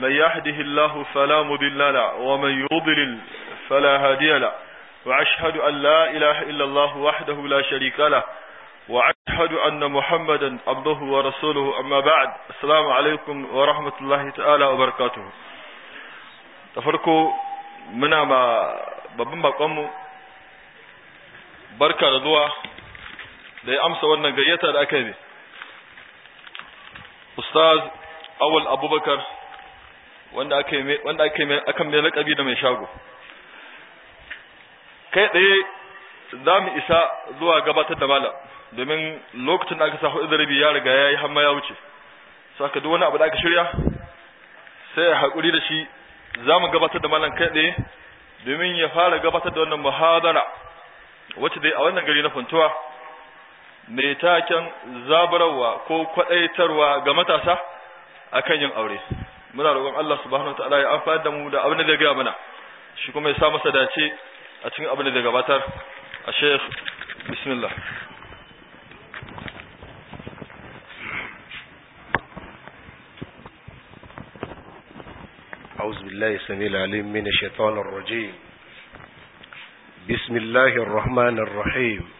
من يهده الله فلا مضل له ومن يضلل فلا هادي له وأشهد أن لا إله إلا الله وحده لا شريك له وأشهد أن محمدا عبده ورسوله أما بعد السلام عليكم ورحمة الله تعالى وبركاته تفرقوا muna ma babban bakonmu barka da zuwa da ya amsa wannan gayyata da aka yi ustaz awal abubakar wanda aka yi wanda aka yi akan mai lakabi da mai shago kai tsaye za mu isa zuwa gabatar da malam domin lokacin da aka sa hudu da rabi ya riga ya yi hamma ya wuce saka duk wani abu da aka shirya sai a haƙuri da shi za mu gabatar da malam kai tsaye domin ya fara gabatar da wannan muhadara wacce dai a wannan gari na funtuwa mai taken zabarawa ko kwaɗaitarwa ga matasa akan yin aure muna roƙon Allah subhanahu wataala ya amfana da mu da abin da zai gaya mana shi kuma ya sa masa dace a cikin abin da zai gabatar a sheikh bismillah أعوذ بالله السميع العليم من الشيطان الرجيم بسم الله الرحمن الرحيم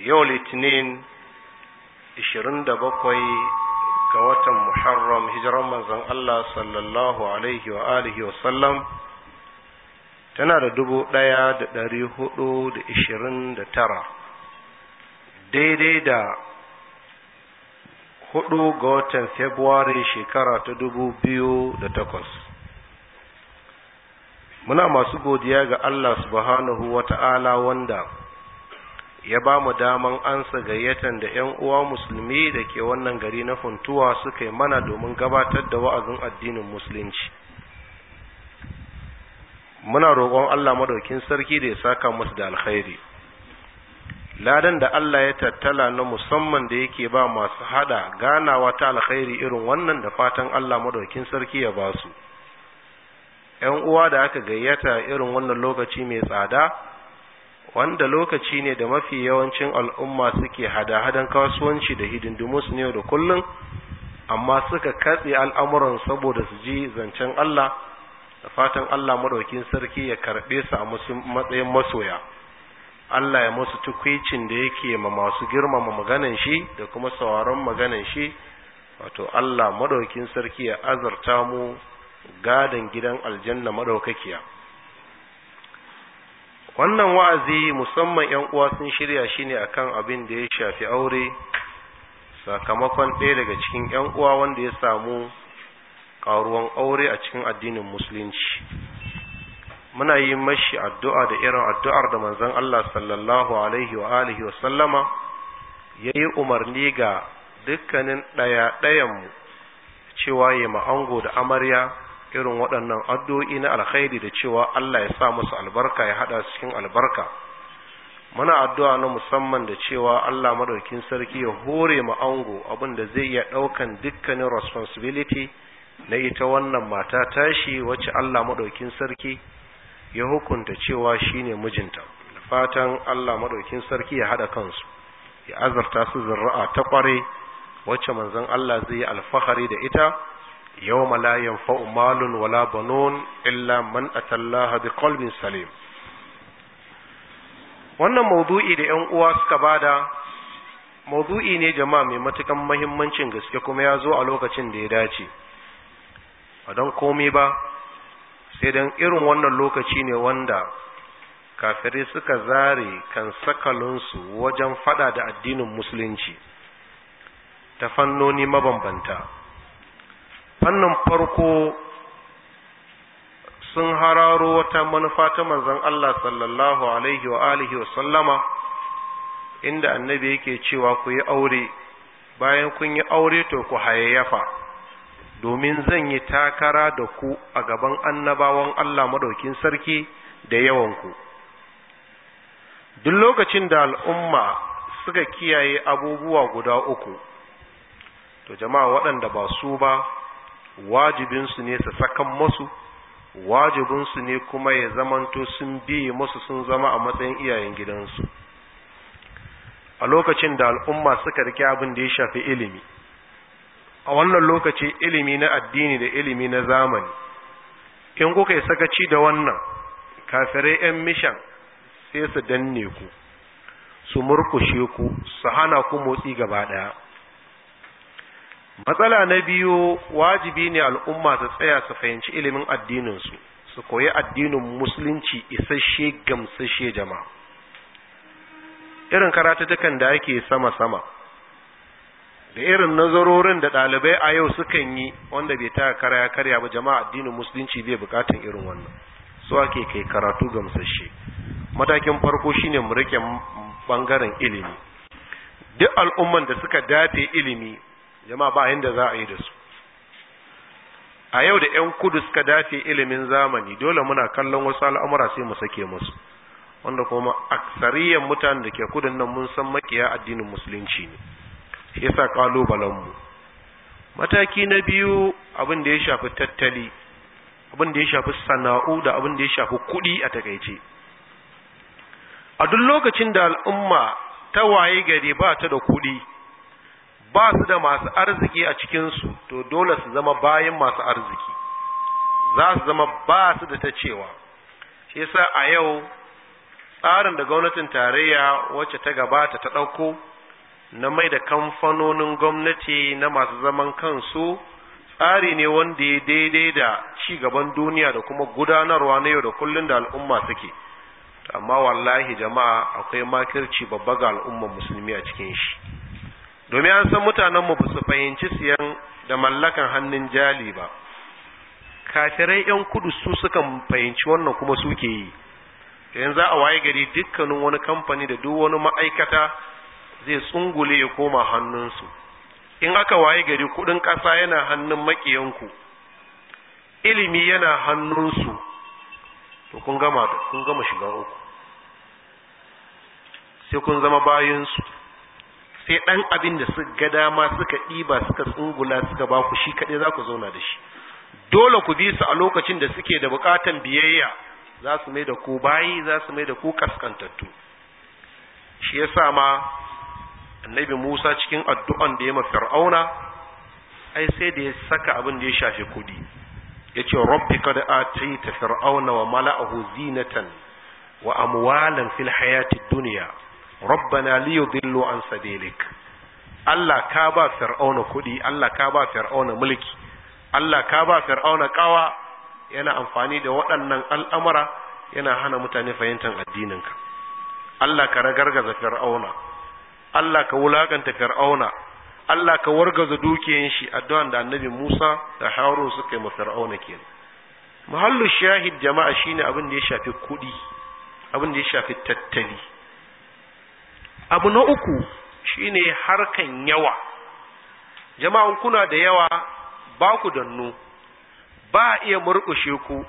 yau litinin 27 ga watan muharram hijiran manzon Allah sallallahu alaihi wa alihi wa sallam tana da dubu ɗaya da ɗari hudu da ishirin da tara daidai da hudu ga watan februari shekara ta dubu biyu da takwas muna masu godiya ga Allah subhanahu wa ta'ala wanda ya ba mu daman ansa gayyatan da 'yan uwa musulmi da ke wannan gari na funtuwa suka yi mana domin gabatar da wa'azin addinin musulunci muna roƙon Allah madaukin sarki da ya saka musu da alkhairi ladan da Allah ya tattala na musamman da yake ba masu hada ganawa ta alkhairi irin wannan da fatan Allah madaukin sarki ya ba su ‘yan uwa da aka gayyata irin wannan lokaci mai tsada wanda lokaci ne da mafi yawancin al'umma suke hada-hadan kasuwanci da su ne da kullum amma suka katse al'amuran saboda su ji zancen Allah da fatan Allah madaukin sarki ya karɓe su a matsayin masoya Allah ya musu tukwicin da yake ma masu girmama maganan shi da kuma sauraron maganan shi wato Allah madaukin sarki ya azarta mu gadan gidan aljanna madaukakiya wannan wa'azi musamman ‘yan uwa sun shirya shi ne akan abin da ya shafi aure sakamakon ɗaya daga cikin ‘yan uwa wanda ya samu ƙaruwan aure a cikin addinin musulunci muna yi mashi addu'a da irin addu'ar da manzon Allah sallallahu alaihi wa alihi wa sallama ya umarni ga dukkanin ɗaya-ɗayanmu cewa ya ma'ango da amarya irin waɗannan addu'o'i na alkhairi da cewa Allah ya sa musu albarka ya haɗa cikin albarka muna addu'a na musamman da cewa Allah maɗaukin sarki ya hore mu ango abin da zai iya ɗaukan dukkanin responsibility na ita wannan mata tashi wacce Allah maɗaukin sarki ya hukunta cewa shine mijinta fatan Allah maɗaukin sarki ya haɗa kansu ya azarta su zurra'a ta ƙware wacce manzon Allah zai yi alfahari da ita يوم لا ينفع مال ولا بنون إلا من أتى الله بقلب سليم wannan maudu'i da ‘yan uwa suka bada maudu'i ne jama'a mai matukan mahimmancin gaske kuma ya zo a lokacin da ya dace ba don komai ba sai don irin wannan lokaci ne wanda kafirai suka zare kan sakalinsu wajen fada da addinin musulunci ta fannoni mabambanta fannin farko sun hararo wata manufa ta manzon Allah sallallahu alaihi wa alihi wa sallama inda annabi yake cewa ku yi aure bayan kun yi aure to ku hayayyafa domin zan yi takara da ku a gaban annabawan Allah madaukin sarki da yawanku duk lokacin da al'umma suka kiyaye abubuwa guda uku to jama'a waɗanda ba su ba wajibinsu ne su sakan masu wajibinsu ne kuma ya zamanto sun biye masu sun zama a matsayin iyayen gidansu a lokacin da al'umma suka rike abin da ya shafi ilimi a wannan lokaci ilimi na addini da ilimi na zamani in kuka yi sakaci da wannan kafirai 'yan mishan sai su danne ku su murkushe ku su hana ku motsi gaba ɗaya matsala na biyu wajibi ne al'umma su tsaya su fahimci ilimin addininsu su koyi addinin musulunci isasshe gamsashe jama'a irin karatutukan da ake sama-sama da irin nazarorin da ɗalibai a yau sukan yi wanda bai ta karya karya ba jama'a addinin musulunci bai bukatun irin wannan su ake kai karatu gamsasshe matakin farko shine mu rike bangaren ilimi duk al'umman da suka dafe ilimi jama'a ba da za a yi da su a yau da 'yan kudu suka dace ilimin zamani dole muna kallon wasu al'amura sai mu sake musu wanda kuma aksariyan mutanen da ke kudin nan mun san makiya addinin musulunci ne shi yasa kalubalenmu mataki na biyu abin da ya shafi tattali abin da ya shafi sana'u da abin da ya shafi kuɗi a takaice a duk lokacin da al'umma ta waye gari ba ta da kuɗi ba su da masu arziki a cikinsu to dole su zama bayan masu arziki za su zama ba su da ta cewa shi yasa a yau tsarin da gwamnatin tarayya wacce ta gabata ta ɗauko na mai da kamfanonin gwamnati na masu zaman kansu tsari ne wanda ya daidai da ci gaban duniya da kuma gudanarwa na yau da kullum da al'umma suke amma wallahi jama'a akwai makirci babba ga al'ummar musulmi a cikin shi domin an san mutanenmu ba su fahimci siyan da mallakan hannun jali ba kafirai 'yan kudu su suka fahimci wannan kuma suke yi yanzu za a waye gari dukkanin wani kamfani da duk wani ma'aikata zai tsungule ya koma hannunsu in aka waye gari kudin ƙasa yana hannun maƙiyanku ilimi yana hannunsu to kun gama kun gama shiga uku sai kun zama bayansu sai ɗan abin da su ga dama suka ɗiba suka tsungula suka ba ku shi kaɗai za ku zauna da shi dole ku bi su a lokacin da suke da buƙatan biyayya za su mai da ku bayi za su mai da ku kaskantattu shi ya sa ma annabi musa cikin addu'an da ya ma fir'auna ai sai da ya saka abin da ya shafi kuɗi ya ce rabbi kada a ta fir'auna wa mala'ahu zinatan wa amwalan fil hayatid duniya rabbana liyudillu an sabilik Allah ka ba fir'auna kuɗi Allah ka ba fir'auna mulki Allah ka ba fir'auna kawa yana amfani da waɗannan al'amara, yana hana mutane fahimtar addininka Allah ka ragargaza fir'auna Allah ka wulakanta fir'auna Allah ka wargaza dukiyan shi addu'an da annabi Musa da Harun suka yi ma fir'auna kenan mahallu shahid jama'a shine abin da ya shafi kuɗi abin da ya shafi tattali abu na uku shine harkan yawa jama'an kuna da yawa ba ku dannu ba iya murƙushe ku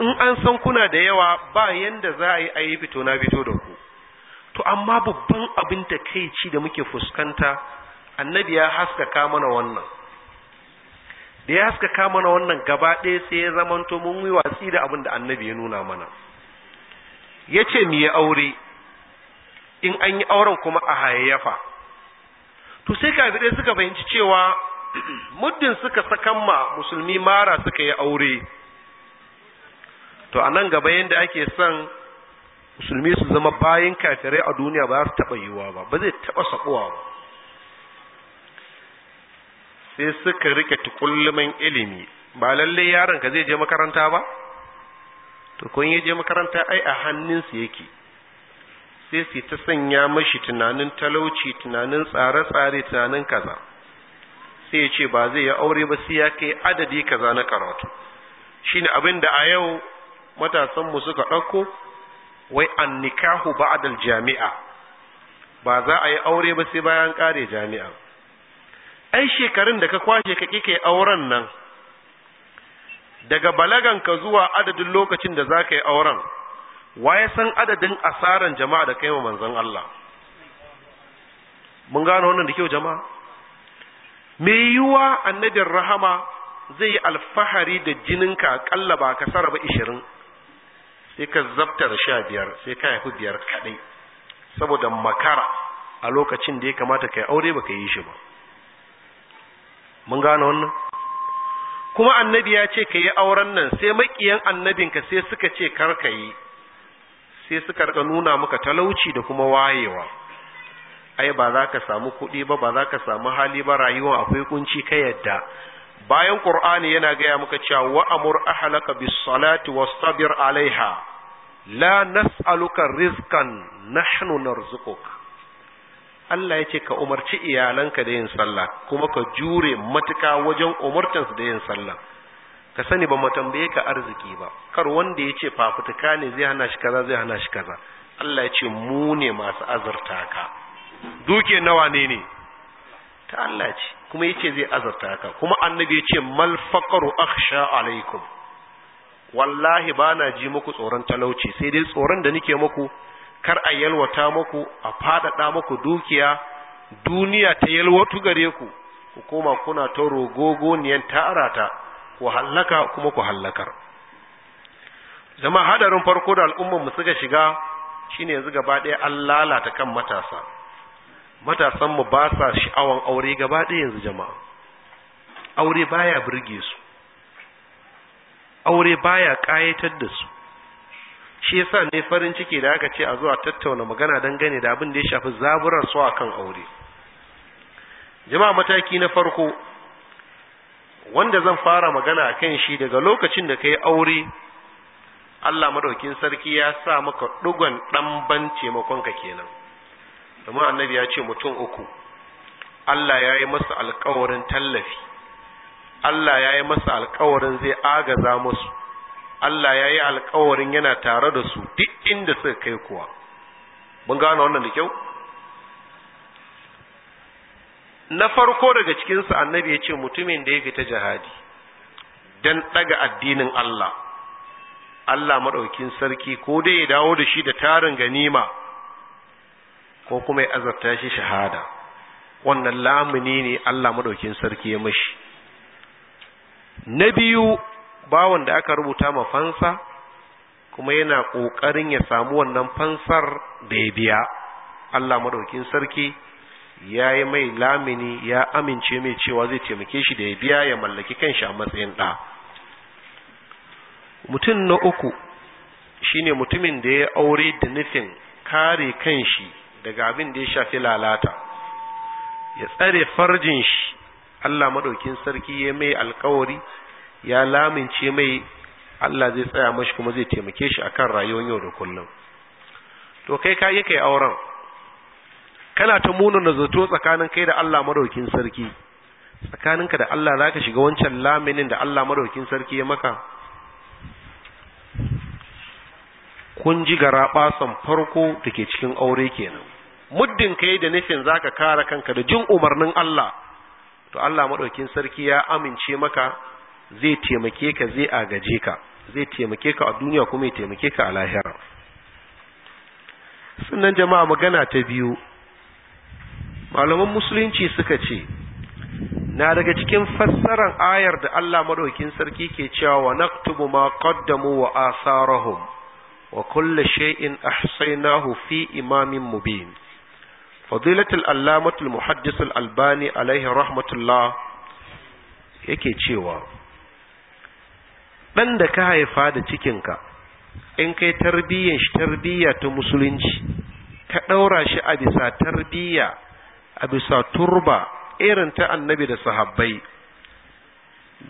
in an san kuna da yawa ba yanda za a yi a yi fito na fito da ku to amma babban abin da kai ci da muke fuskanta annabi ya haskaka mana wannan da ya haskaka mana wannan gaba ɗaya sai ya zamanto mun yi watsi da abin da annabi ya nuna mana ya ce mu yi aure in an yi auren kuma a hayayyafa to sai kafirai suka fahimci cewa muddin suka sakan ma musulmi mara suka yi aure to a nan gaba yadda ake son musulmi su zama bayan kafirai a duniya ba su taɓa yiwuwa ba ba zai taɓa saɓuwa ba sai suka rike tukulluman ilimi ba lalle yaron ka zai je makaranta ba to kun yi je makaranta ai a hannunsu yake sai su ta sanya mashi tunanin talauci tunanin tsare-tsare tunanin kaza sai ya ce ba zai yi aure ba sai ya kai adadi kaza na karatu Shin abin da a yau matasanmu suka ɗauko wai an nikahu ba'dal jami'a ba za a yi aure ba sai bayan ƙare jami'a ai shekarun da ka kwashe ka kike auren nan daga balagan ka zuwa adadin lokacin da za ka yi auren Wa ya san adadin asaran jama'a da kai wa manzon Allah mun gano wannan da kyau jama'a me yiwa annabin rahama zai yi alfahari da jininka akalla ba ka saraba 20 ishirin sai ka zabta sha biyar sai ka haifi biyar kaɗai saboda makara a lokacin da ya kamata ka aure ba ka yi shi ba mun gano wannan kuma annabi ya ce ka yi auren nan sai maƙiyan annabinka sai suka ce kar ka yi sai suka rika nuna maka talauci da kuma wayewa ai ba za ka samu kuɗi ba ba za ka samu hali ba rayuwa akwai kunci ka yadda bayan qur'ani yana gaya muka cewa wa amur ahlaka bis salati wastabir alaiha la nas'aluka rizqan nahnu narzuquk Allah yake ka umarci iyalanka da yin sallah kuma ka jure matuka wajen umurtansu da yin sallah ka sani ba mu tambaye ka arziki ba kar wanda ya ce fafutuka ne zai hana shi kaza zai hana shi kaza Allah ya ce mu ne masu azurta ka duke nawa ne ne ta Allah ce kuma ya ce zai azurta ka kuma annabi ya ce mal faqaru akhsha alaikum wallahi ba na ji muku tsoron talauci sai dai tsoron da nake muku kar a yalwata muku a faɗaɗa muku dukiya duniya ta yalwatu gare ku ku koma kuna ta rogogoniyan tarata ku hallaka kuma ku hallakar jama'a hadarin farko da al'ummar mu suka shiga shine yanzu gaba ɗaya an lalata kan matasa matasan mu ba sa sha'awan aure gaba ɗaya yanzu jama'a aure baya burge su aure baya ƙayatar da su shi yasa ne farin ciki da aka ce a zuwa tattauna magana dangane da abin da ya shafi zaburar su akan aure jama'a mataki na farko wanda zan fara magana a kan shi daga lokacin da ka yi aure Allah madaukin sarki ya sa maka ɗugon ban taimakonka kenan domin annabi ya ce mutum uku Allah ya yi masa alkawarin tallafi Allah ya yi masa alkawarin zai agaza musu Allah ya yi alkawarin yana tare da su duk inda suka kai kuwa mun gane wannan da kyau na farko daga cikinsu annabi ya ce mutumin da ya fita jihadi don ɗaga addinin Allah Allah maɗaukin sarki ko dai ya dawo da shi da tarin ganima ko kuma ya azabta shi shahada wannan lamuni ne Allah maɗaukin sarki ya mashi na biyu bawan da aka rubuta ma fansa kuma yana ƙoƙarin ya samu wannan fansar da ya biya Allah maɗaukin sarki ya yi mai lamini ya amince mai cewa zai taimake shi da ya biya ya mallaki kan shi a matsayin ɗa mutum na uku shine mutumin da ya aure da nufin kare kan shi daga abin da ya shafi lalata ya tsare farjin shi Allah maɗaukin sarki ya mai alkawari ya lamince mai Allah zai tsaya mashi kuma zai taimake shi akan rayuwar yau da kullum to kai ka yi kai auren kana ta munana zato tsakanin kai da Allah madaukin sarki tsakaninka da Allah za ka shiga wancan laminin da Allah madaukin sarki ya maka kun ji gara basan farko da ke cikin aure kenan muddin kai da nufin za ka kara kanka da jin umarnin Allah to Allah madaukin sarki ya amince maka zai taimake ka zai agaje ka zai taimake ka a duniya kuma ya taimake ka a lahira sannan jama'a magana ta biyu malaman musulunci suka ce na daga cikin fassarar ayar da Allah madaukakin sarki ke cewa wa naktubu ma qaddamu wa asarahum wa kullu shay'in ahsaynahu fi imamin mubin fadilatul allamatul muhaddis albani alaihi rahmatullah yake cewa dan da ka haifa da cikinka in kai tarbiyyar shi tarbiyya ta musulunci ka daura shi a bisa tarbiyya a bisa turba irin ta annabi da sahabbai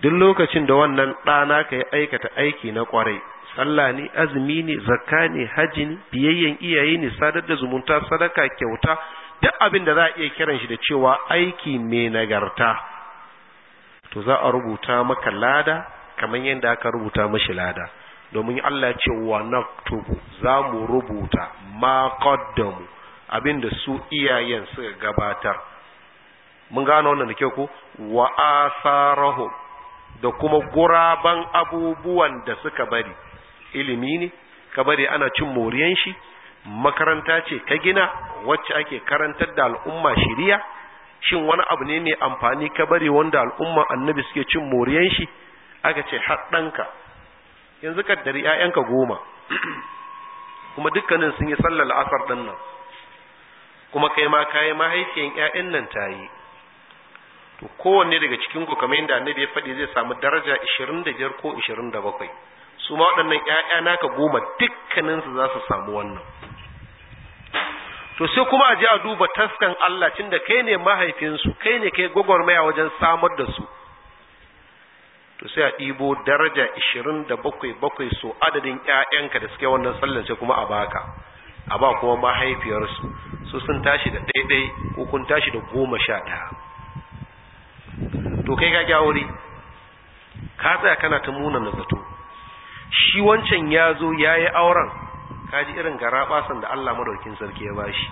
duk lokacin da wannan ɗana ka yi aikata aiki na ƙwarai sallah ni azumi ne zakka ne haji ne biyayyen iyaye ne sadar da zumunta sadaka kyauta duk abin da za a iya kiran shi da cewa aiki mai nagarta to za a rubuta maka lada kamar yadda aka rubuta mashi lada domin Allah ce wa naktubu za mu rubuta ma qaddamu abin da su iyayen suka gabatar mun gano wannan da kyau ko wa asarahu da kuma guraban abubuwan da suka bari ilimi ne ka bari ana cin moriyan shi makaranta ce ka gina wacce ake karantar da al'umma shiriya shin wani abu ne mai amfani ka bari wanda al'umma annabi suke cin moriyan shi aka ce haɗanka yanzu ka dari 'ya'yanka goma kuma dukkanin sun yi sallar la'asar ɗin kuma kai ma kayi mahaifiyan ƴaƴan nan ta yi to kowanne daga cikin ku kamar yadda annabi ya faɗi zai samu daraja 25 ko 27 su ma waɗannan ƴaƴa naka goma dukkanin su za su samu wannan to sai kuma a je a duba taskan Allah tunda kai ne mahaifinsu kai ne kai gwagwarmaya wajen samar da su to sai a ɗibo daraja 27 bakwai so adadin 'ya'yanka da suke wannan sallan sai kuma a baka a ba kuma mahaifiyarsu su sun tashi da ɗaiɗai ko kun tashi da goma sha ɗaya to kai ka gyawuri ka tsaya kana ta muna na zato shi wancan ya zo ya yi auren ka ji irin garaɓasan da Allah madaukin sarki ya bashi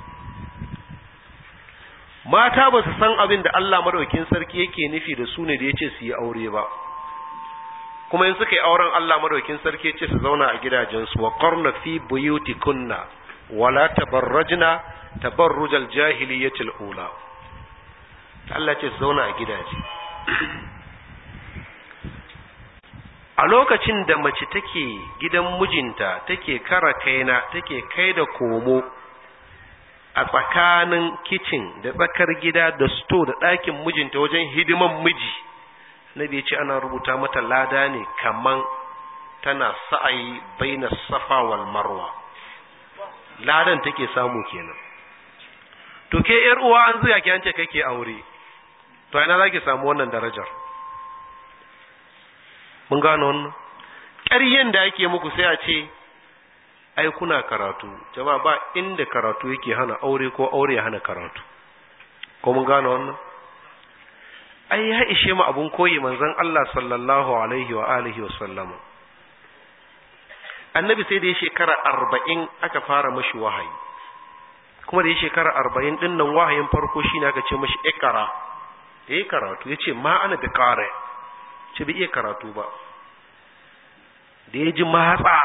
mata ba su san abin da Allah madaukin sarki yake nufi da su ne da ya ce su yi aure ba kuma in suka yi auren Allah madaukin sarki ya ce su zauna a gidajensu wa qarna fi buyutikunna wala tabarrajna tabarrujal jahiliyyatil ula Allah ce zauna a gidaje a lokacin da mace take gidan mijinta take kara kaina take kai da komo a tsakanin kicin da tsakar gida da sto da ɗakin mijinta wajen hidiman miji na bai ce ana rubuta mata lada ne kaman tana sa'ayi baina safa wal marwa ladan take samu kenan to ke yar uwa an zuya ki an ce kake aure to ina zaki samu wannan darajar mun gano wannan ƙaryen da ake muku sai a ce ai kuna karatu jama'a ba inda karatu yake hana aure ko aure ya hana karatu ko mun gano wannan ai ya ishe mu abun koyi manzon Allah sallallahu alaihi wa alihi wa sallama annabi sai da ya shekara arba'in aka fara mashi wahayi kuma da ya shekara arba'in ɗinnan nan wahayin farko shi ne aka ce mashi ikara da ya karatu ya ce ma ana da kare ce bai iya karatu ba da ya ji matsa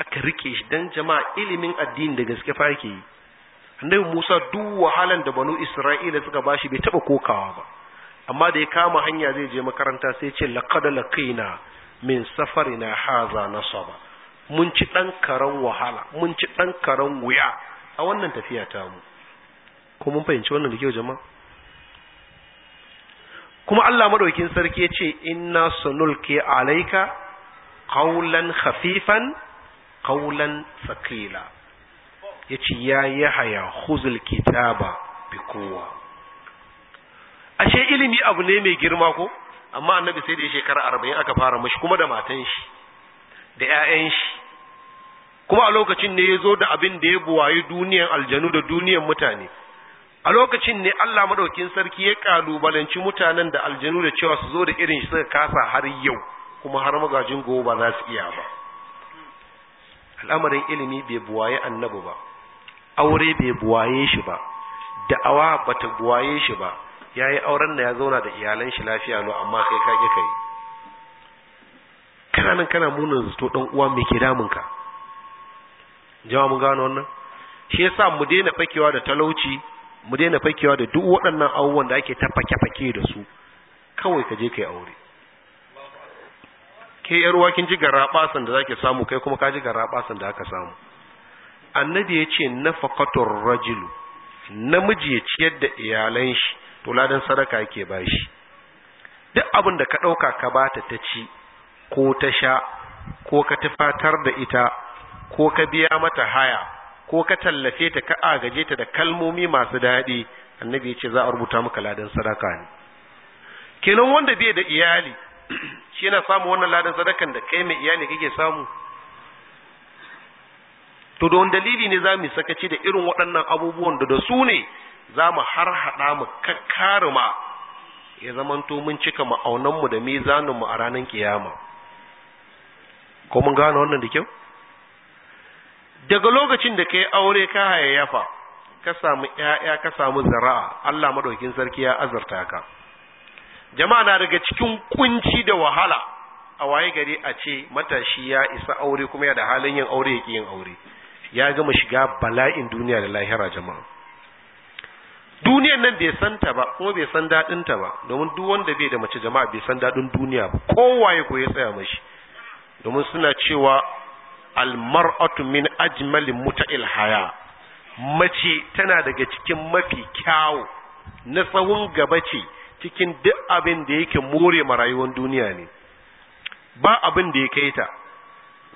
aka rike shi don jama'a ilimin addini da gaske fa yake yi annabi Musa duk wahalan da banu Isra'ila suka bashi bai taba kokawa ba amma da ya kama hanya zai je makaranta sai ce laqad laqina min na haza nasaba mun ci dan karan wahala mun ci dan karan wuya a wannan tafiya ta mu ko mun fahimci wannan da jama'a kuma Allah madaukin sarki yace inna sunulki alayka qawlan khafifan qawlan thaqila yace ya yahaya khuzul kitaba bi ashe ilimi abu ne mai girma ko amma annabi sai da shekara arba'in aka fara mashi kuma da matan shi da 'ya'yan shi kuma a lokacin ne ya zo da abin da ya buwayi duniyan aljanu da duniyan mutane a lokacin ne Allah madaukin sarki ya kalubalanci mutanen da aljanu da cewa su zo da irin shi suka kasa har yau kuma har magajin gobe ba za su iya ba al'amarin ilimi bai buwaye annabi ba aure bai buwaye shi ba da'awa bata buwaye shi ba ya yi auren da ya zauna da iyalan shi lafiya lo amma kai ka ƙi ka kana nan kana muna zato ɗan uwa mai ke ka. jama mun gano wannan shi yasa mu daina fakewa da talauci mu daina fakewa da duk waɗannan abubuwan da ake ta fake-fake da su kawai ka je ka aure ke uwa kin ji garabasan da zake samu kai kuma ka ji garabasan da aka samu annabi ya ce nafaqatur rajulu namiji ya ciyar da iyalan shi to ladan sadaka yake bashi duk abin da ka ɗauka ka bata ta ci ko ta sha ko ka tufatar da ita ko ka biya mata haya ko ka tallafe ta ka agaje ta da kalmomi masu daɗi annabi ya ce za a rubuta maka ladan sadaka ne kenan wanda bai da iyali shi yana samu wannan ladan sadakan da kai mai iyali kake samu to don dalili ne za mu sakaci da irin waɗannan abubuwan da da su ne za mu har haɗa mu ma ya zamanto mun cika ma'aunanmu da mizaninmu a ranar kiyama ko mun gane wannan da kyau daga lokacin da ka yi aure ka hayayyafa ka samu ‘ya'ya ka samu zara'a Allah madaukin sarki ya azarta ka jama'a na daga cikin kunci da wahala a waye gari a ce matashi ya isa aure kuma ya da halin yin aure ya yin aure ya gama shiga bala'in duniya da lahira jama'a duniyan nan bai san ta ba kuma bai san daɗin ta ba domin duk wanda bai da mace jama'a bai san daɗin duniya ba kowaye ko ya tsaya mashi domin suna cewa almar'atu min ajmalin muta'il haya mace tana daga cikin mafi kyawu na tsawon gaba ce cikin duk abin da yake more ma rayuwar duniya ne ba abin da ya kai ta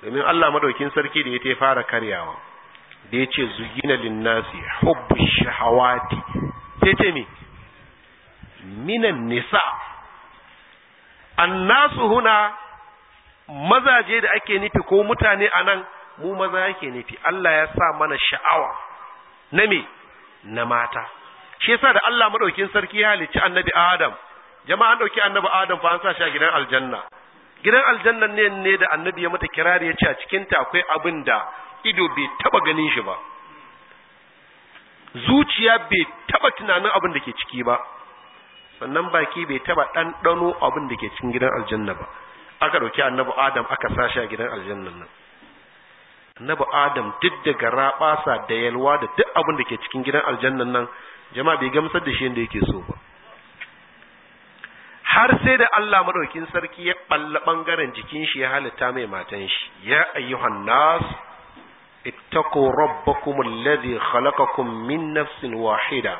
domin Allah madaukin sarki da ya ta fara karyawa da ya ce zugina linnasi hubbu shahawati sai ce me minan nisa annasu huna mazaje da ake nufi ko mutane a nan mu maza yake nufi Allah ya sa mana sha'awa na me na mata shi yasa da Allah madaukin sarki ya halicci annabi Adam jama'a an dauki annabi Adam fa an sa shi a gidan aljanna gidan aljanna ne ne da annabi ya mata kirari ya ce a cikin ta akwai abin da ido bai taba ganin shi ba zuciya bai taba tunanin abin da ke ciki ba sannan baki bai taba ɗanɗano abin da ke cikin gidan aljanna ba aka ɗauki annabi adam aka sashi a gidan aljanna nan annabi adam duk da garaɓasa da yalwa da duk abin da ke cikin gidan aljanna nan jama'a bai gamsar da shi yadda yake so ba har sai da Allah maɗaukin sarki ya ɓalla ɓangaren jikin shi ya halitta mai matan shi ya ayyuhan nas اتقوا ربكم الذي خلقكم من نفس واحدة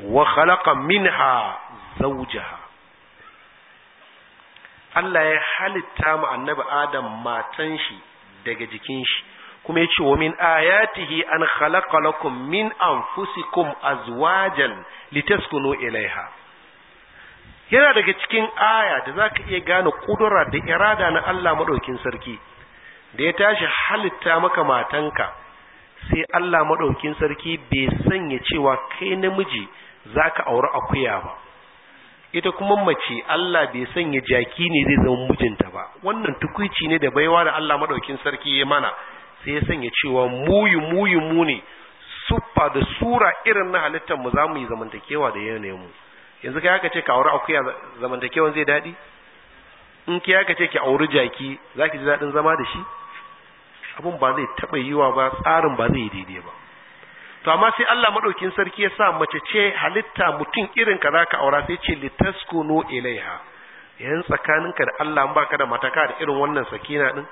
وخلق منها زوجها Allah ya halitta mu annabi Adam matan shi daga jikin shi kuma yace wa min ayatihi an khalaqa lakum min anfusikum azwajan litaskunu ilaiha yana daga cikin aya da zaka iya gane kudura da irada na Allah madaukin sarki da ya tashi halitta maka matanka sai Allah maɗaukin sarki bai sanya cewa kai namiji zaka ka auri akuya ba ita kuma mace Allah bai sanya jaki ne zai zama mijinta ba wannan tukuici ne da baiwa da Allah maɗaukin sarki ya mana sai ya sanya cewa muyu muyu mu ne suffa da sura irin na halittar mu zamu yi zamantakewa da yanayin mu yanzu kai aka ce ka auri akuya zamantakewan zai daɗi in ki ya ce ki auri jaki zaki ji daɗin zama da shi abin ba zai taɓa yiwa ba tsarin ba zai yi daidai ba to amma sai Allah maɗaukin sarki ya sa mace ce halitta mutum irin ka zaka aura sai ce litaskunu ilaiha yan tsakaninka da Allah an baka da mataka da irin wannan sakina din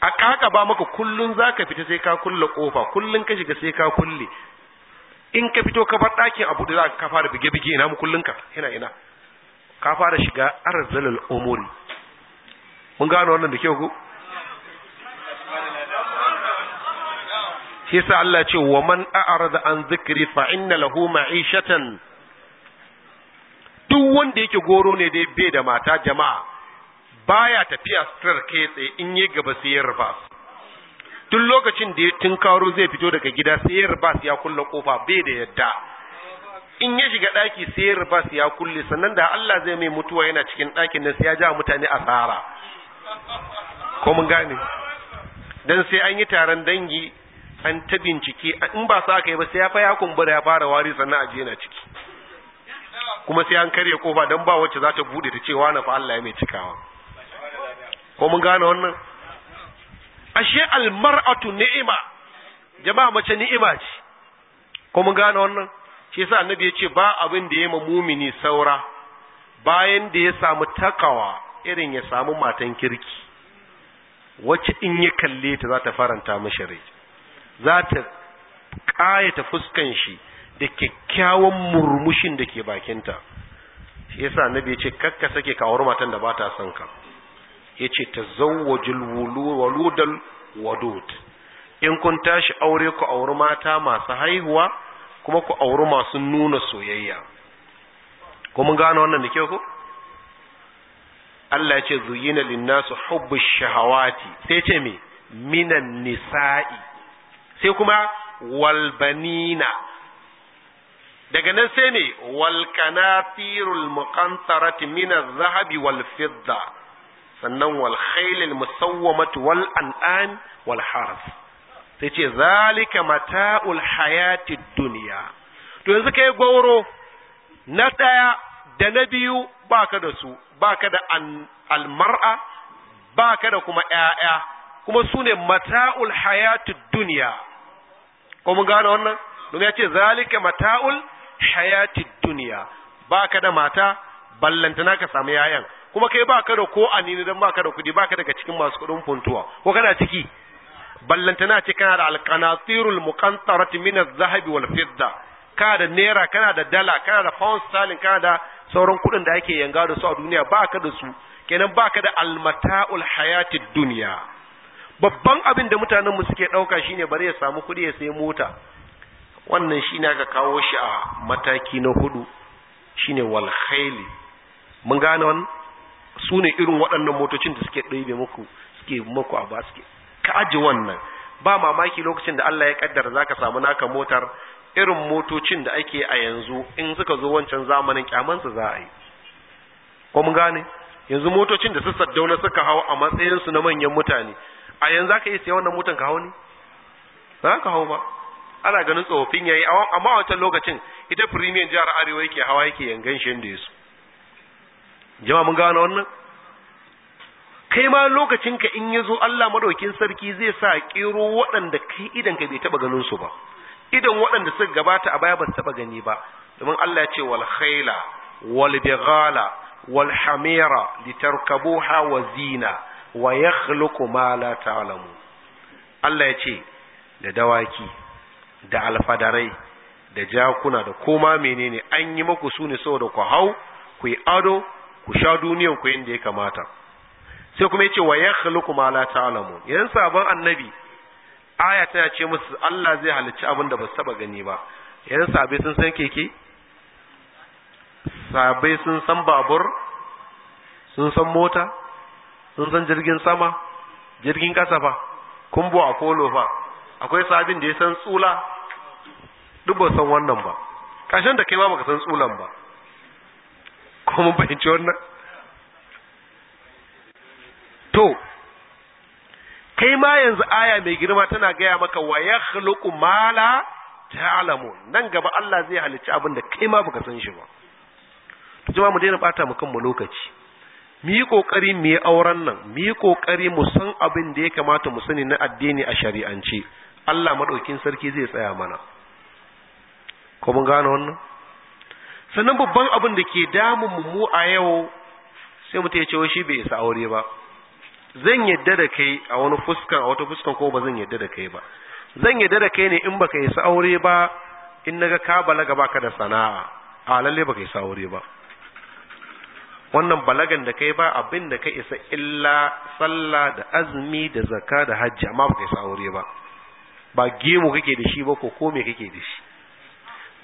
a kaka ba maka kullun zaka fita sai ka kulle kofa kullun ka shiga sai ka kulle in ka fito ka bar ɗakin abu da zaka ka fara bige bige ina mu kullun ka ina ina ka fara shiga arzalul umuri mun gano wannan da kyau shi sa Allah ce wa man a'rada an zikri fa inna lahu ma'ishatan duk wanda yake goro ne dai bai da mata jama'a baya tafiya sirar kai tsaye in yi gaba sai ya rufa duk lokacin da ya tunkaro zai fito daga gida sai ya ya kulla kofa bai da yadda in ya shiga ɗaki sai rufas ya kulle sannan da Allah zai mai mutuwa yana cikin ɗakin nan sai ya ja mutane asara ko mun gane dan sai an yi taron dangi an ta bincike in ba sa kai ba sai ya fa ya kumbura ya fara wari sannan je yana ciki kuma sai an karya kofa dan ba wacce za ta bude ta ce wani fa Allah ya mai cikawa ko mun gane wannan ashe almar'atu ni'ima jama'a mace ni'ima ce ko mun gane wannan shi yasa annabi ya ce ba abin da ya ma mumini saura bayan da ya samu takawa irin ya samu matan kirki wacce in ya kalle ta za ta faranta mashi rai za ta ƙayata fuskan shi da kyakkyawan murmushin da ke bakinta shi yasa annabi ya ce kakka sake kawar matan da ba ta son ka yace ce ta zawwajul waludal wadud in kun tashi aure ku auri mata masu haihuwa kuma ku auri masu nuna soyayya ko mun wannan da kyau ku. Allah ya ce zuyina linnasu hubbu shahawati sai ce me minan nisa'i sai kuma walbanina daga nan sai me walkanatirul muqantarati min az-zahabi wal fidda sannan wal khayl al musawwamati wal an'am wal harf sai ce zalika mata'ul hayatid dunya to yanzu kai goro, na ɗaya da na biyu baka da su baka da almar'a baka da kuma ƴaƴa kuma su ne mata'ul hayatid dunya ko mun gane wannan don ya ce zalika mata'ul hayatid dunya baka da mata ballantana ka samu yayan kuma kai baka da ko anini dan baka da kudi baka daga cikin masu kudin funtuwa ko kana ciki ballantana ce kana da alqanatirul muqantarati min az-zahab wal fidda kana da naira kana da dala kana da pound sterling kana da sauran kuɗin da ake yanga da su a duniya baka da su kenan baka da almata'ul hayatid dunya babban abin da mutanen mu suke dauka shine bari ya samu kuɗi ya sayi mota wannan shine aka kawo shi a mataki na hudu shine wal khayli mun gane wannan sune irin waɗannan motocin da suke ɗaibe muku suke muku a basket ka aji wannan ba mamaki lokacin da Allah ya kaddara zaka samu naka motar irin motocin da ake a yanzu in suka zo wancan zamanin su za a yi ko mun gane yanzu motocin da su saddauna suka hau a matsayin su na manyan mutane a yanzu aka yi sai wannan motan ka hau ne za ka hau ba ana ganin tsofin yayi amma wancan lokacin ita premium jihar arewa yake hawa yake yangan shi inda yasu jama'a mun gane wannan kai ma lokacinka in ya zo Allah madaukin sarki zai sa ƙero waɗanda kai idan ka bai taɓa ganin su ba idan waɗanda suka gabata a baya ba taɓa gani ba domin Allah ya ce wal khaila wal bighala wal hamira litarkabuha wa zina wa yakhluqu ma la ta'lamu Allah ya ce da dawaki da alfadarai da jakuna da koma menene an yi maku su ne saboda ku hau ku yi ado ku sha duniyan ku inda ya kamata sai kuma yace wa yakhluqu ma la ta'lamun idan sabon annabi aya ta ce musu Allah zai halicci abin da ba su taba gani ba idan sabai sun san keke sabai sun san babur sun san mota sun san jirgin sama jirgin kasa fa kumbo a kolo fa akwai sabin da ya san tsula duk ba san wannan ba kashin da kai ba baka san tsulan ba kuma fahimci wannan to kai ma yanzu aya mai girma tana gaya maka wa ya khluqu mala ta'lamun nan gaba Allah zai halicci abin da kai ma baka san shi ba to jama'a mu daina bata mu kanmu lokaci mu yi kokari mu yi auren nan mu yi kokari mu san abin da ya kamata mu sani na addini a shari'ance Allah madaukin sarki zai tsaya mana ko mun gane wannan sannan babban abin da ke damun mu a yau sai mu ya ce wai shi bai isa aure ba zan yadda da kai a wani fuska, a wata fuskan ko ba zan yadda da kai ba zan yadda da kai ne in baka yi aure ba in naga ka balaga baka da sana'a a lalle baka yi aure ba wannan balagan da kai ba abin da ka isa illa sallah da azumi da zakka da hajji amma baka yi aure ba ba gemu kake da shi ba ko ko me kake da shi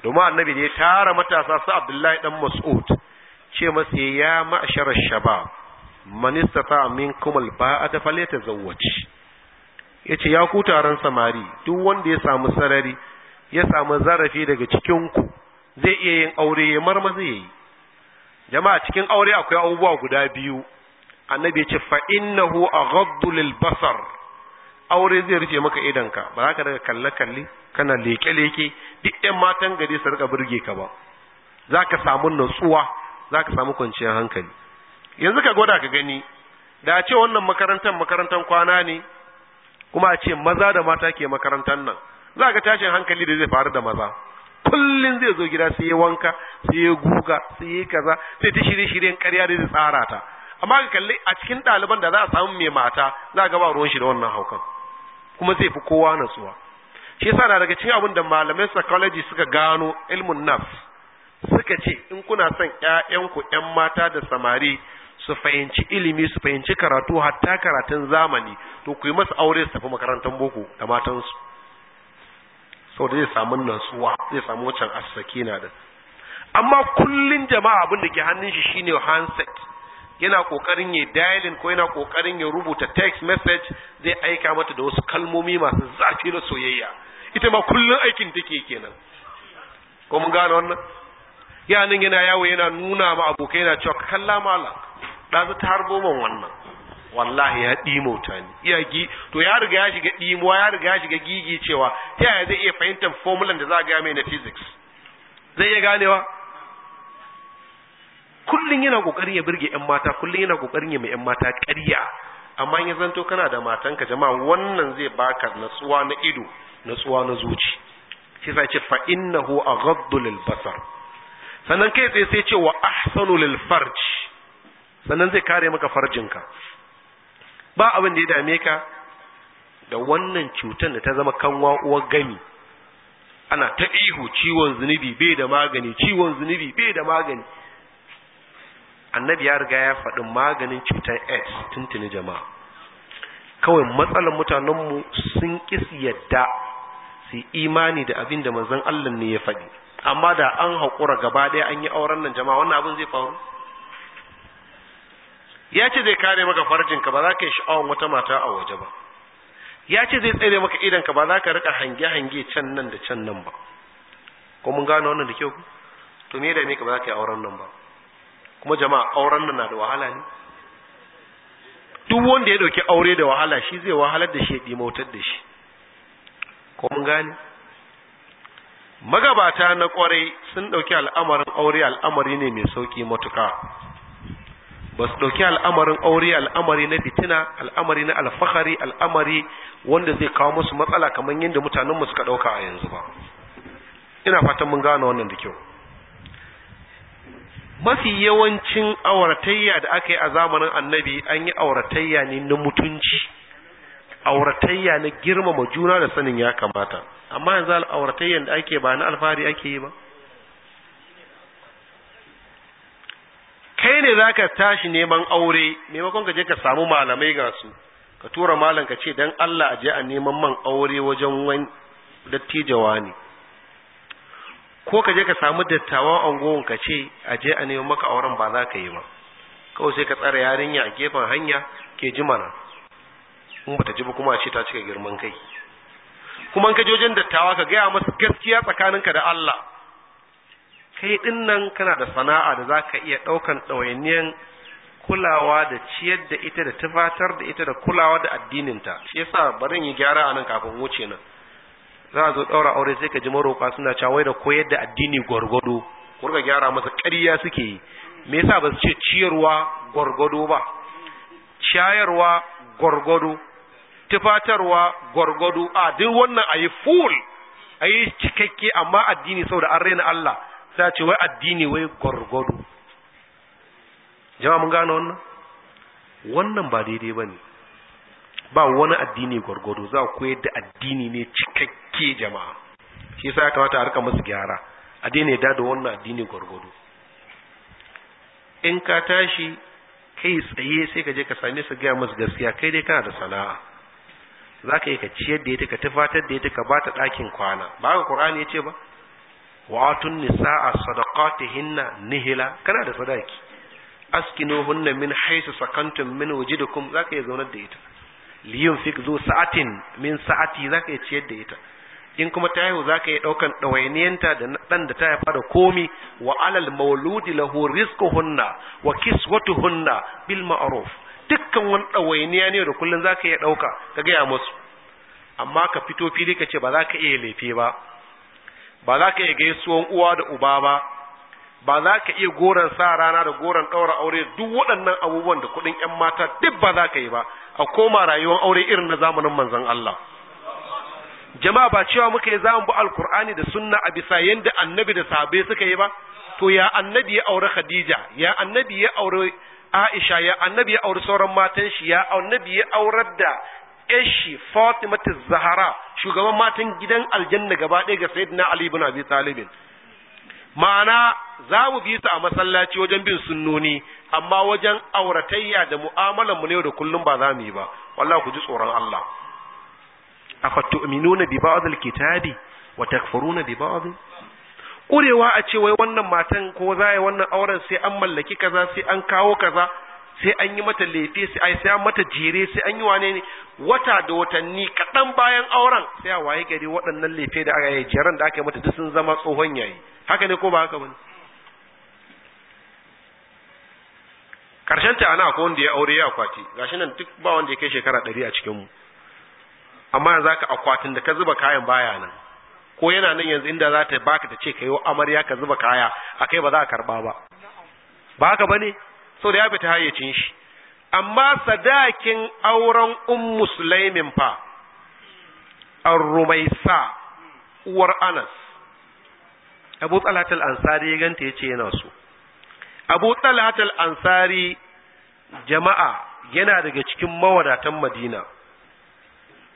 domin annabi ne tara matasa su abdullahi dan mas'ud ce masa ya ma'sharar shabab man istata minkum alba'ata falyatazawwaj yace ya ku taron samari duk wanda ya samu sarari ya samu zarafi daga cikin ku zai iya yin aure ya marma zai yi jama'a cikin aure akwai abubuwa guda biyu annabi ya ce fa innahu aghaddu lil basar aure zai rufe maka idanka ba za ka daga kalle kalle kana leke leke duk ɗan matan gari su rika burge ka ba za ka samu natsuwa za ka samu kwanciyar hankali yanzu ka gwada ka gani da ce wannan makarantar makarantar kwana ne kuma a ce maza da mata ke makarantar nan za ka tashin hankali da zai faru da maza kullum zai zo gida sai ya wanka sai ya guga sai ya kaza sai ta shirye shiryen karya da zai tsara ta amma ka kalli a cikin ɗaliban da za a samu mai mata za ga ba ruwan shi da wannan haukan kuma zai fi kowa natsuwa shi yasa na daga cikin abin da malamai psychology suka gano ilmun nafs suka ce in kuna son ƴaƴanku ƴan mata da samari su fahimci ilimi su fahimci karatu hatta karatun zamani to ku yi masa aure su tafi makarantar boko da matansu sau da zai samun nasuwa, zai samu wancan na da amma kullun jama'a abin da ke hannun shi shine handset yana kokarin ya dialing ko yana kokarin ya rubuta text message zai aika mata da wasu kalmomi masu zafi na soyayya ita ma kullun aikin take kenan ko mun gane wannan yanin yana yawo yana nuna ma abokai yana cewa kalla malam ɗazu ta har goman wannan wallahi ya ɗimauta ni ya gi to ya riga ya shiga ɗimuwa ya riga ya shiga gigi cewa ta yaya zai iya fahimtar formulan da za a gaya mai na physics zai iya ganewa kullum yana kokarin ya birge yan mata kullum yana kokarin ya mai yan mata ƙarya amma ya zanto kana da matanka jama'a wannan zai baka natsuwa na ido natsuwa na zuci shi sai ce fa innahu aghaddu lil basar sannan kai tsaye sai ce wa ahsanu lil farj sannan zai kare maka farjinka ba abin da ya dame ka da wannan cutar da ta zama kanwa uwar gami ana ta ihu ciwon zunubi bai da magani ciwon zunubi bai da magani annabi ya riga ya faɗi maganin cutar aids tuntuni jama'a kawai matsalar mutanenmu sun kis yadda su imani da abin da manzon Allah ne ya faɗi amma da an haƙura gaba ɗaya an yi auren nan jama'a wannan abin zai faru ya ce zai kare maka farjinka ba za ka yi sha'awan wata mata a waje ba ya ce zai tsere maka idanka ba za ka rika hange-hange can nan da can nan ba ko mun gano wannan da kyau to me da me ka ba za ka yi auren nan ba kuma jama'a auren nan na da wahala ne duk wanda ya dauki aure da wahala shi zai wahalar da shi ya dimautar da shi ko mun gane magabata na kwarai sun dauki al'amarin aure al'amari ne mai sauki matuka ba su ɗauki al'amarin aure al'amari na fitina al'amari na alfahari al'amari wanda zai kawo musu matsala kamar yadda mutanenmu suka ɗauka a yanzu ba ina fatan mun gane wannan da kyau mafi yawancin auratayya da aka yi a zamanin annabi an yi auratayya ne na mutunci auratayya na girmama juna da sanin ya kamata amma yanzu auratayyan da ake ba na alfahari ake yi ba kai ne za ka tashi neman aure maimakon ka je ka samu malamai ga su ka tura malam ka ce don Allah a je a neman man aure wajen wani dattijawa ne ko ka je ka samu dattawa a anguwan ka ce a je a neman maka auren ba za ka yi ba kawai sai ka tsara yarinya a gefen hanya ke ji mana in ta ji ba kuma a ce ta cika girman kai kuma in ka dattawa ka gaya masu gaskiya tsakaninka da Allah kai din nan kana da sana'a da zaka iya ɗaukan ɗawainiyan kulawa da ciyar da ita da tufatar da ita da kulawa da addininta shi yasa barin yi gyara a nan kafin wuce nan za a zo ɗaura aure sai ka ji maroƙa suna cawai da koyar da addini gwargwado ku gyara masa ƙarya suke yi me yasa ba su ce ciyarwa gwargwado ba ciyarwa gwargwado tufatarwa gwargwado a duk wannan a yi full a yi cikakke amma addini saboda an raina Allah sai ce wai addini wai gwargwado jama'a mun gano wannan wannan ba daidai ba ne ba wani addini gwargwado za a koyar da addini ne cikakke jama'a shi sa ya kamata a rika musu gyara a daina yadda da wannan addini gwargwado in ka tashi kai tsaye sai ka je ka same su gaya musu gaskiya kai dai kana da sana'a za ka yi ka ciyar da ita ka tufatar da ita ka ba ta ɗakin kwana ba ka ƙur'ani ya ce ba wa'atun nisa'a sadaqatihinna nihila kana da sadaki askinuhunna min haythu sakantum min wujidukum zaka iya zaunar da ita liyun fik zu sa'atin min sa'ati zaka iya ciyar da ita in kuma ta haihu zaka iya daukan dawainiyanta da dan da ta haifa da komi wa alal mauludi lahu rizquhunna wa kiswatuhunna bil ma'ruf dukkan wani dawainiya ne da kullun zaka iya dauka ka ga ya musu amma ka fito fili ka ce ba za ka iya lefe ba ba za ka iya gaisuwan uwa da uba ba ba za ka iya goran sa rana da goron ɗaura aure duk waɗannan abubuwan da kuɗin ƴan mata duk ba za ka yi ba a koma rayuwar aure irin na zamanin manzon Allah jama'a ba cewa muka yi zamu bi alkur'ani da sunna a bisa yanda annabi da sahabbai suka yi ba to ya annabi ya aure khadija ya annabi ya aure aisha ya annabi ya aure sauran matan shi ya annabi ya aurar da ishi fatimatu zahara shugaban matan gidan aljanna gaba ɗaya ga sayyidina ali ibn abi talib ma'ana za mu bi su a masallaci wajen bin sunnoni amma wajen auratayya da mu'amalan mu ne da kullum ba za mu yi ba wallahi ku ji tsoron Allah aminuna bi ba'd al-kitabi wa takfuruna bi ba'd kurewa a ce wai wannan matan ko za yi wannan auren sai an mallaki kaza sai an kawo kaza sai an yi mata lefe sai sai an mata jere sai an yi wane ne wata da watanni kaɗan bayan auren sai a waye gari waɗannan lefe da aka yi jeren da aka yi mata duk sun zama tsohon yayi haka ne ko ba haka bane karshen ta ana akwai wanda ya aure ya akwati gashi nan duk ba wanda ya kai shekara ɗari a cikin mu amma yanzu aka akwatin da ka zuba kayan baya nan ko yana nan yanzu inda za ta baka ta ce ka yi amarya ka zuba kaya akai ba za a karba ba ba haka bane saboda ya fita hayyacin shi amma sadakin auren um musulaimin fa ar-rumaisa uwar anas abu talatul ansari ya ganta yace yana so abu talatul ansari jama'a yana daga cikin mawadatan madina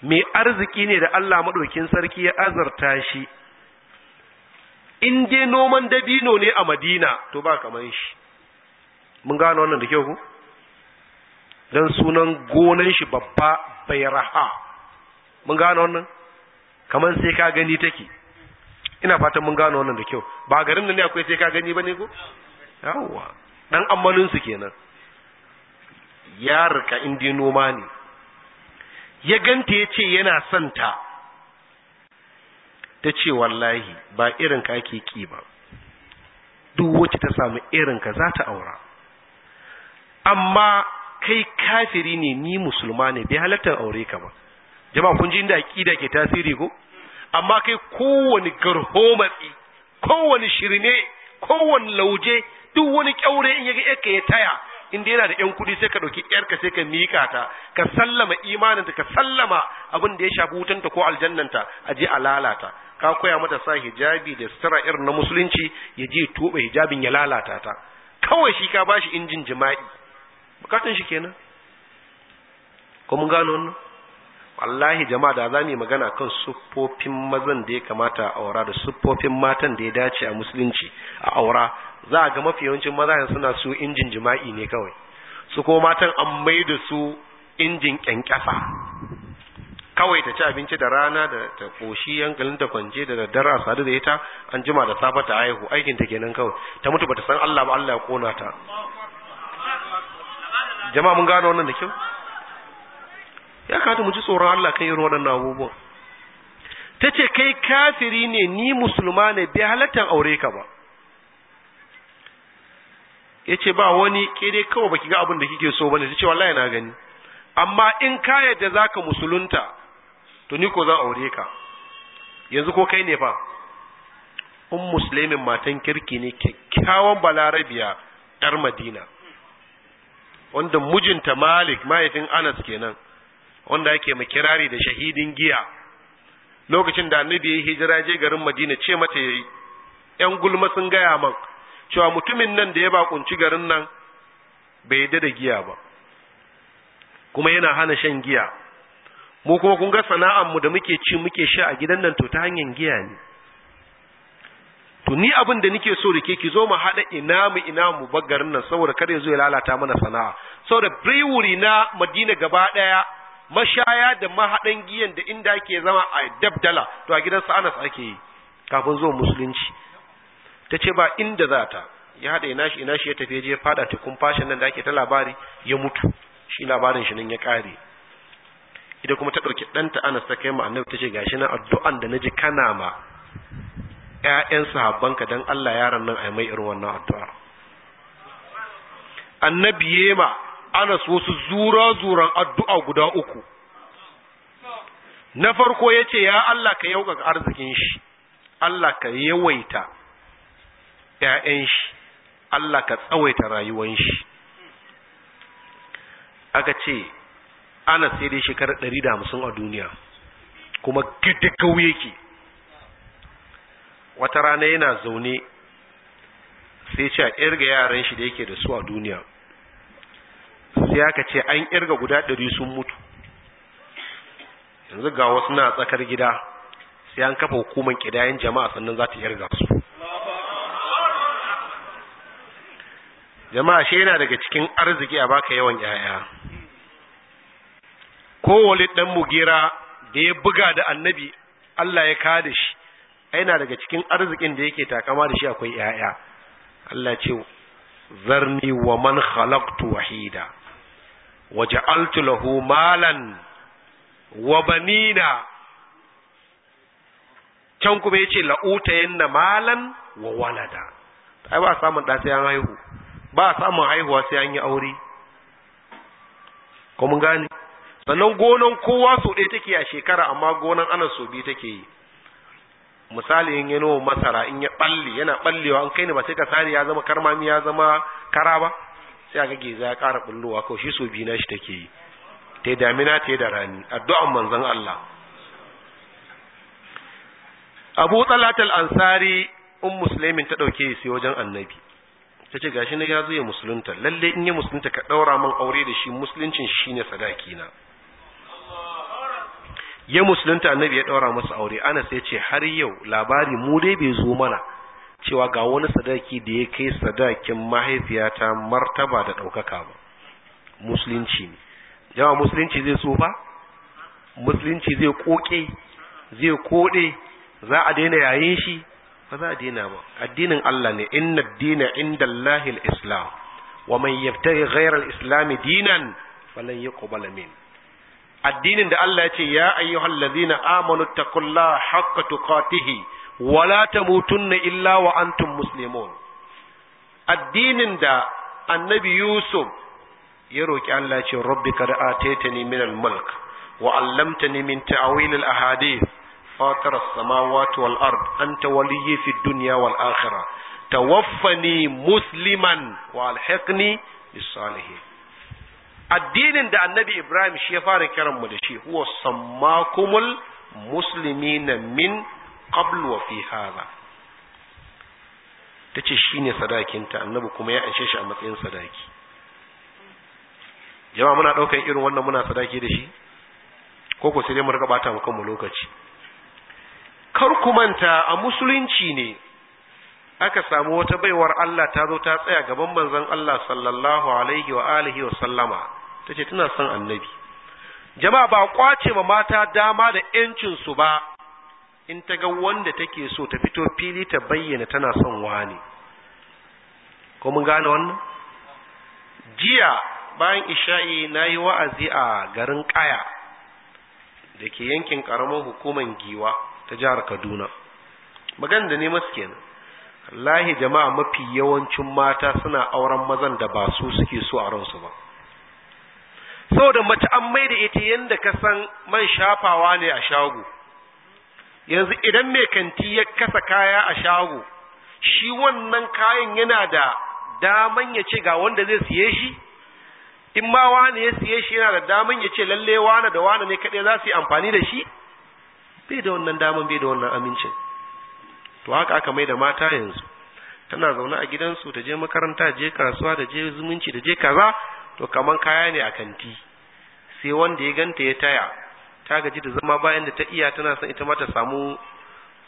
mai arziki ne da Allah maɗaukin sarki ya azarta shi in dai noman dabino ne a madina to ba kamar shi mun gano wannan da kyau ku don sunan gonan shi babba bai raha mun gano wannan kamar sai ka gani take ina fatan mun gano wannan da kyau ba garin da ne akwai sai ka gani ba ne ko yawwa dan ammalinsu kenan ya rika indi noma ne ya ganta ya ce yana son ta ta ce wallahi ba irinka ake ki ba duk wacce ta samu irinka za ta aura amma kai kafiri ne ni musulma ne bai halartar aure ka ba jama'a kun ji inda aqida ke tasiri ko amma kai kowane matsi kowane shirme kowani lauje duk wani kyaure in yaga yarka ya taya inda yana da yan kudi sai ka dauki yarka sai ka mika ta ka sallama imaninta ka sallama abin da ya shafi wutanta ko aljannanta a je a lalata ka koya mata sa hijabi da sira irin na musulunci ya je tobe hijabin ya lalata ta kawai shi ka bashi injin jima'i bukatun shi kenan ko mun gano wannan wallahi jama'a da za mu yi magana kan siffofin mazan da ya kamata a aura da siffofin matan da ya dace a musulunci a aura za a ga mafi yawancin maza suna su injin jima'i ne kawai su kuma matan an mai da su injin kyankyasa kawai ta ci abinci da rana da ta koshi yankalin da kwanje da daddare a sadu da ita an jima da safa ta haihu aikin ta kenan kawai ta mutu bata san Allah ba Allah ya kona ta jama'a mun gano wannan da kyau ya kamata mu ji tsoron Allah kan irin waɗannan abubuwan ta ce kai kafiri ne ni musulma ne bai halattar aure ka ba ya ce ba wani kere kawai baki ga abin da kike so bane ta ce wallahi na gani amma in ka yadda zaka musulunta to ni ko zan aure ka yanzu ko kai ne fa um muslimin matan kirki ne kyakkyawan balarabiya yar madina wanda mijinta malik mahaifin anas kenan wanda yake mu kirari da shahidin giya lokacin da annabi ya hijira je garin madina ce mata yayi yan gulma sun gaya man cewa mutumin nan da ya bakunci garin nan bai yadda da giya ba kuma yana hana shan giya mu kuma kun ga sana'ar mu da muke ci muke sha a gidan nan to ta hanyar giya ne to ni abin da nike so da ke ki zo mu haɗa ina mu ina mu bagarin nan saboda kada ya zo ya lalata mana sana'a saboda brewery na madina gaba daya mashaya da mahaɗan giyan da inda ake zama a dabdala to a gidan Anas ake yi kafin zuwa musulunci ta ce ba inda za ta ya haɗa ina shi ina shi ya tafi je fada kun fashin nan da ake ta labari ya mutu shi labarin shi nan ya kare Ida kuma ta ɗauki ɗanta anas ta kai ma annabi ta ce gashi na addu'an da naji kana ma Ya'yan sahabbanka dan Allah yaron nan ai mai irin wannan addu'a annabi yema anas wasu zura zuran addu'a guda uku na farko yace ya Allah ka yaukaka arzikin shi Allah ka yawaita 'ya'yan shi Allah ka tsawaita rayuwan shi aka ce ana sai dai shekarar 150 a duniya kuma gidda kauye yake wata rana yana zaune sai ce a irga yaran shi da yake da su a duniya sai aka ce an irga guda ɗari sun mutu yanzu ga wasu na tsakar gida sai an kafa hukumar ƙidayen jama'a sannan za ta irga su jama'a shi yana daga cikin arziki a baka yawan 'ya'ya kowane ɗan mugira da ya buga da annabi Allah ya kada shi aina daga cikin arzikin da yake takama da shi akwai ‘ya'ya Allah ce zarni wa man khalaqtu wahida wa ja'altu lahu malan wa banina can kuma yace la'utayanna malan wa walada ai ba samun da sai an haihu ba samun haihuwa sai an yi aure ko mun gane sannan gonan kowa so ɗaya take a shekara amma gonan ana so biyu take yi misali in yano masara in ya balle yana ballewa an kai ne ba sai ka ya zama karmami ya zama kara ba sai ga geza ya ƙara bullowa ko shi so biyu na shi take yi ta damina ta da rani addu'an manzon Allah Abu Talat al-Ansari um muslimin ta dauke shi wajen annabi ta ce gashi na ya zo ya musulunta lalle in ya musulunta ka daura man aure da shi musuluncin shine sadaki na ya musulunta annabi ya daura masa aure anas ya ce har yau labari mu dai bai zo mana cewa ga wani sadaki da ya kai sadakin mahaifiyata martaba da ɗaukaka ba musulunci ne yawa musulunci zai tsufa musulunci zai koke zai kode za a daina yayin shi ba za a daina ba addinin Allah ne inna dina inda Allahil islam wa man yabtaghi ghayra al-islam dinan falan yuqbal min addinin da Allah ya ce ya ayyuhal ladzina amanu taqullaha haqqa tuqatihi wala tamutunna illa wa antum muslimun addinin da annabi Yusuf ya roki Allah ya ce rabbi kad ataitani min al-mulk wa 'allamtani min ta'wil al-ahadith fatar as-samawati wal ard anta waliyyi fid dunya wal akhirah tawaffani musliman wa alhiqni bis salihin addinin da annabi ibrahim shi ya fara kiran mu da shi huwa sammakumul muslimina min qabl wa fi hadha tace shine sadakinta annabi kuma ya anshe shi a matsayin sadaki jama'a muna ɗaukan irin wannan muna sadaki da shi ko ko sai dai mu riga bata mu kanmu lokaci kar ku manta a musulunci ne aka samu wata baiwar Allah ta zo ta tsaya gaban manzon Allah sallallahu alaihi wa alihi wa sallama ta ce tana son annabi jama'a ba kwace ma mata dama da ‘yancinsu ba in ta ga wanda take so ta fito fili ta bayyana tana son wani ko mun gane wannan jiya bayan isha'i na yi wa'azi a garin kaya da ke yankin karamar hukumar giwa ta jihar kaduna magan da ne kenan Allahi jama'a mafi yawancin mata suna auren mazan da ba su suke so a ransu ba saboda mace an mai da ita yadda ka san man shafawa ne a shago yanzu idan mai kanti ya kasa kaya a shago shi wannan kayan yana da daman ya ce ga wanda zai siye shi in ma wani ya siye shi yana da daman ya ce lalle wani da wani ne kaɗai za su yi amfani da shi bai da wannan daman bai da wannan amincin to haka aka mai da mata yanzu tana zaune a gidansu ta je makaranta je kasuwa da je zumunci da je kaza to kaman kaya ne a kanti sai wanda ya ganta ya taya ta gaji da zama bayan da ta iya tana son ita mata samu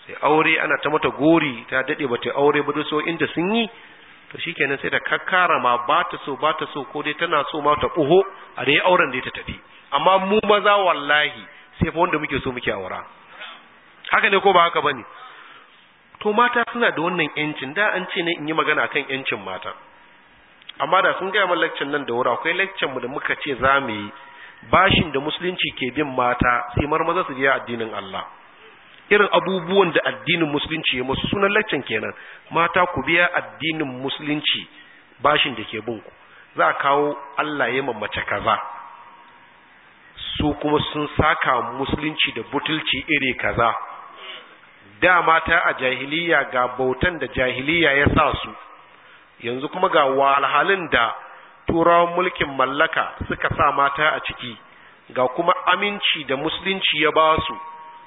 sai aure ana ta mata gori ta dade ba ta aure ba so inda sun yi to shikenan sai ta kakkara ma ba ta so ba ta so ko dai tana so ma ta buho a dai auren da ta tafi amma mu maza wallahi sai fa wanda muke so muke aura haka ne ko ba haka bane to mata suna da wannan yancin da an ce ne in yi magana akan yancin mata amma da sun gaya min laccan nan da wuri akwai laccan mu da muka ce za mu yi bashin da musulunci ke bin mata sai marmaza su biya addinin Allah irin abubuwan da addinin musulunci ya musu sunan laccan kenan mata ku biya addinin musulunci bashin da ke bin ku za a kawo Allah ya mamace kaza su kuma sun saka musulunci da butulci iri kaza da mata a jahiliya ga bautan da jahiliya ya sa su yanzu kuma ga walhalin da turawan mulkin mallaka suka sa mata a ciki ga kuma aminci da musulunci ya ba su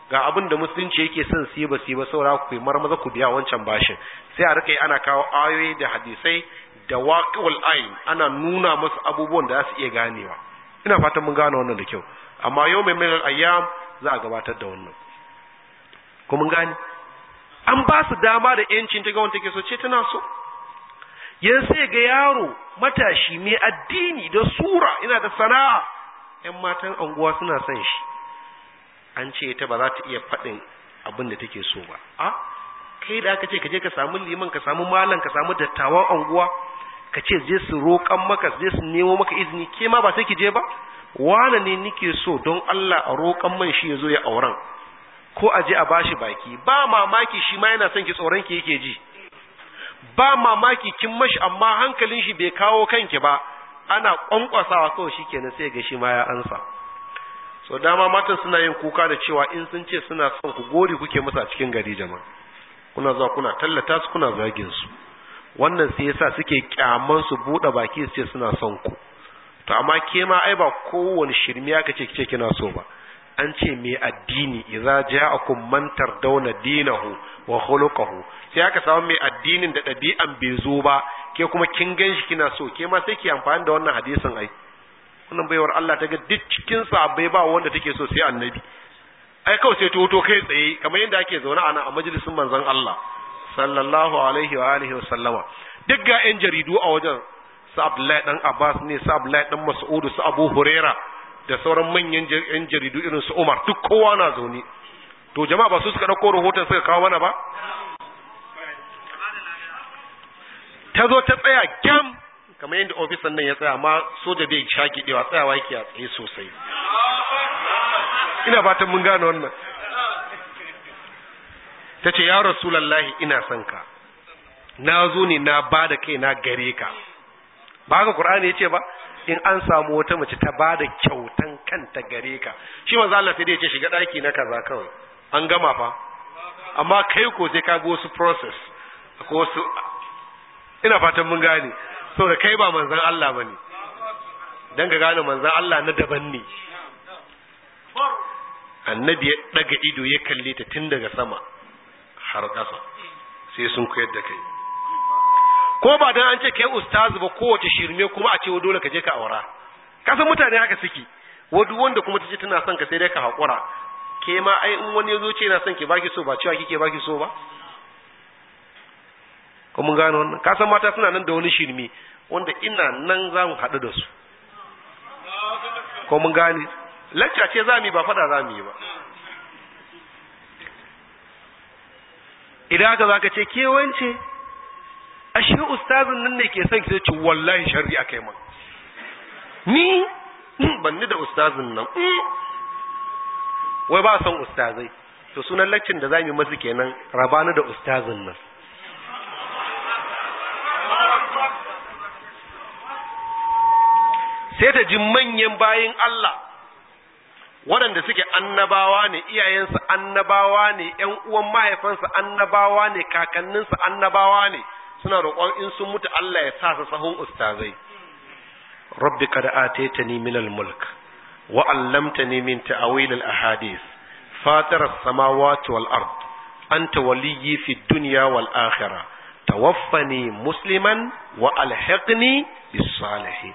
ga abin da musulunci yake son su yi ba su yi ba saura ku mar maza ku biya wancan bashin sai a rika ana kawo ayoyi da hadisai da waqi'ul ayn ana nuna musu abubuwan da za su iya ganewa ina fatan mun gane wannan da kyau amma yau mai mai ayyam za a gabatar da wannan ko mun gane an ba su dama da yancin ta ga wanda take so ce tana so yanzu sai ga yaro matashi mai addini da sura yana da sana'a yan matan anguwa suna son shi an ce ta ba za ta iya faɗin abin da take so ba a kai da aka ce ka je ka samu liman ka samu malam ka samu dattawan anguwa ka ce zai su roƙan maka zai su nemo maka izini ke ma ba sai ki je ba wane ne nike so don Allah a roƙan man shi ya zo ya auren ko a je a bashi baki ba mamaki shi ma yana son ki tsoron ki yake ji ba mamaki kin mashi amma hankalin shi bai kawo kanki ba ana kwankwasawa kawai shikenan sai ga shi ma ya ansa so dama matan suna yin kuka da cewa in sun ce suna son ku gori kuke musu a cikin gari jama'a kuna zuwa kuna tallata su kuna zagin su wannan sai yasa suke kyaman su bude baki su ce suna son ku to amma ke ma ai ba kowane shirmiya kace kice kina so ba an ce mai addini idza ja'akum man tardawna dinahu wa khuluquhu sai aka samu mai addinin da ɗabi'an bai zo ba ke kuma kin ganshi kina so ke ma sai ki amfani da wannan hadisin ai wannan baiwar Allah ta ga duk cikin sahabbai ba wanda take so sai annabi ai kawai sai toto kai tsaye kamar yadda ake zaune a nan a majalisin manzon Allah sallallahu alaihi wa alihi wa duk ga yan jaridu a wajen su Abdullahi dan Abbas ne su Abdullahi dan Mas'ud su Abu Huraira da sauran manyan yan jaridu irin su Umar duk kowa na zaune to jama'a ba su suka dauko rahoton suka kawo mana ba ta zo ta tsaya gyam kamar yadda ofisan nan ya tsaya amma soja bai shaki dewa tsayawa yake a tsaye sosai ina fatan mun gane wannan ta ce ya rasulallahi ina son ka na zo ne na bada kai na gare ka ba haka qur'ani ya ce ba in an samu wata mace ta ba da kyautan kanta gare ka shi manzo Allah sai dai ya ce shiga daki na kaza kawai an gama fa amma kai ko sai ka ga wasu process ko wasu ina fatan mun gane saboda kai ba manzon Allah bane dan ka gane manzon Allah na daban ne annabi ya daga ido ya kalle ta tun daga sama har ƙasa sai sun koyar da kai ko ba dan an ce kai ustaz ba kowace shirme kuma a ce wa dole ka je ka aura kasan mutane haka suke wadu wanda kuma ta ce tana son ka sai dai ka haƙura ke ma ai in wani ya zo ce yana son ki baki so ba cewa kike baki so ba ko mun gano wannan kasan mata suna nan da wani shirme wanda ina nan za mu haɗu da su ko mun gane ce za mu yi ba faɗa za mu yi ba idan aka za ka ce kewance ashe ustazin nan ne ke son ki ce wallahi sharri akai man ni hmm, ban ni da ustazin nan hmm. wai ba son ustazai to sunan laccin da zamu masu kenan rabani da ustazin nan sai ta ji manyan bayin Allah waɗanda suke annabawa ne iyayensu annabawa ne ƴan uwan mahaifansu annabawa ne kakanninsu annabawa ne suna roƙon in sun mutu Allah ya sa su sahun ustazai rabbi da ataytani ni minal mulk wa 'allamtani min ta'wil ahadith fatir samawati wal-ard anta waliyyi fi dunya wal-akhirah tawaffani musliman wa alhiqni bis-salihin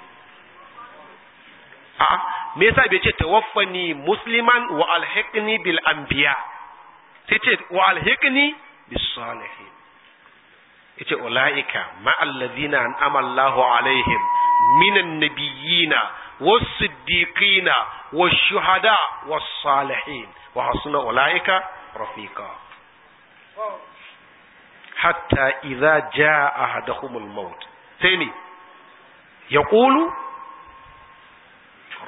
a'a me yasa bai ce tawaffani musliman wa alhiqni bil anbiya sai ce wa alhiqni bis salihin yace ulaika ma alladhina an'ama Allahu alaihim minan nabiyina was-siddiqina wash-shuhada was-salihin wa hasuna ulaika rafiqa hatta idha jaa ahaduhumul maut sai yaqulu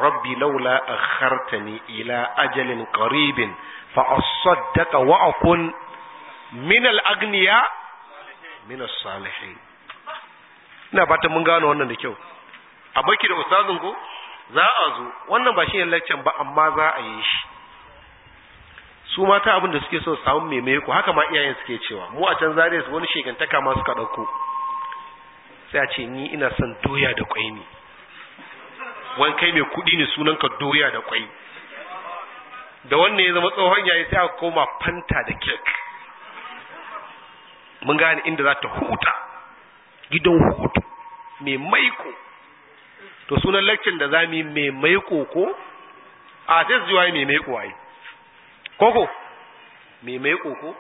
rabbi lawla akhartani ila ajalin qaribin fa asaddaka wa akun min al min as-salihin ina fatan mun gano wannan da kyau a baki da ustazin ko za a zo wannan ba shine lecture ba amma za a yi shi su mata abin da suke so samu meme ku haka ma iyayen suke cewa mu a can zare su wani shegantaka ma suka dauko sai a ce ni ina son doya da kwai ne wani kai mai kudi ne sunan ka doya da kwai da wannan ya zama tsohon yayi sai aka koma fanta da kek mun gane inda za ta huta gidan hutu mai maiko to sunan lakcin da za mu yi mai maiko ko a sai su yi mai maiko ai koko mai maiko ko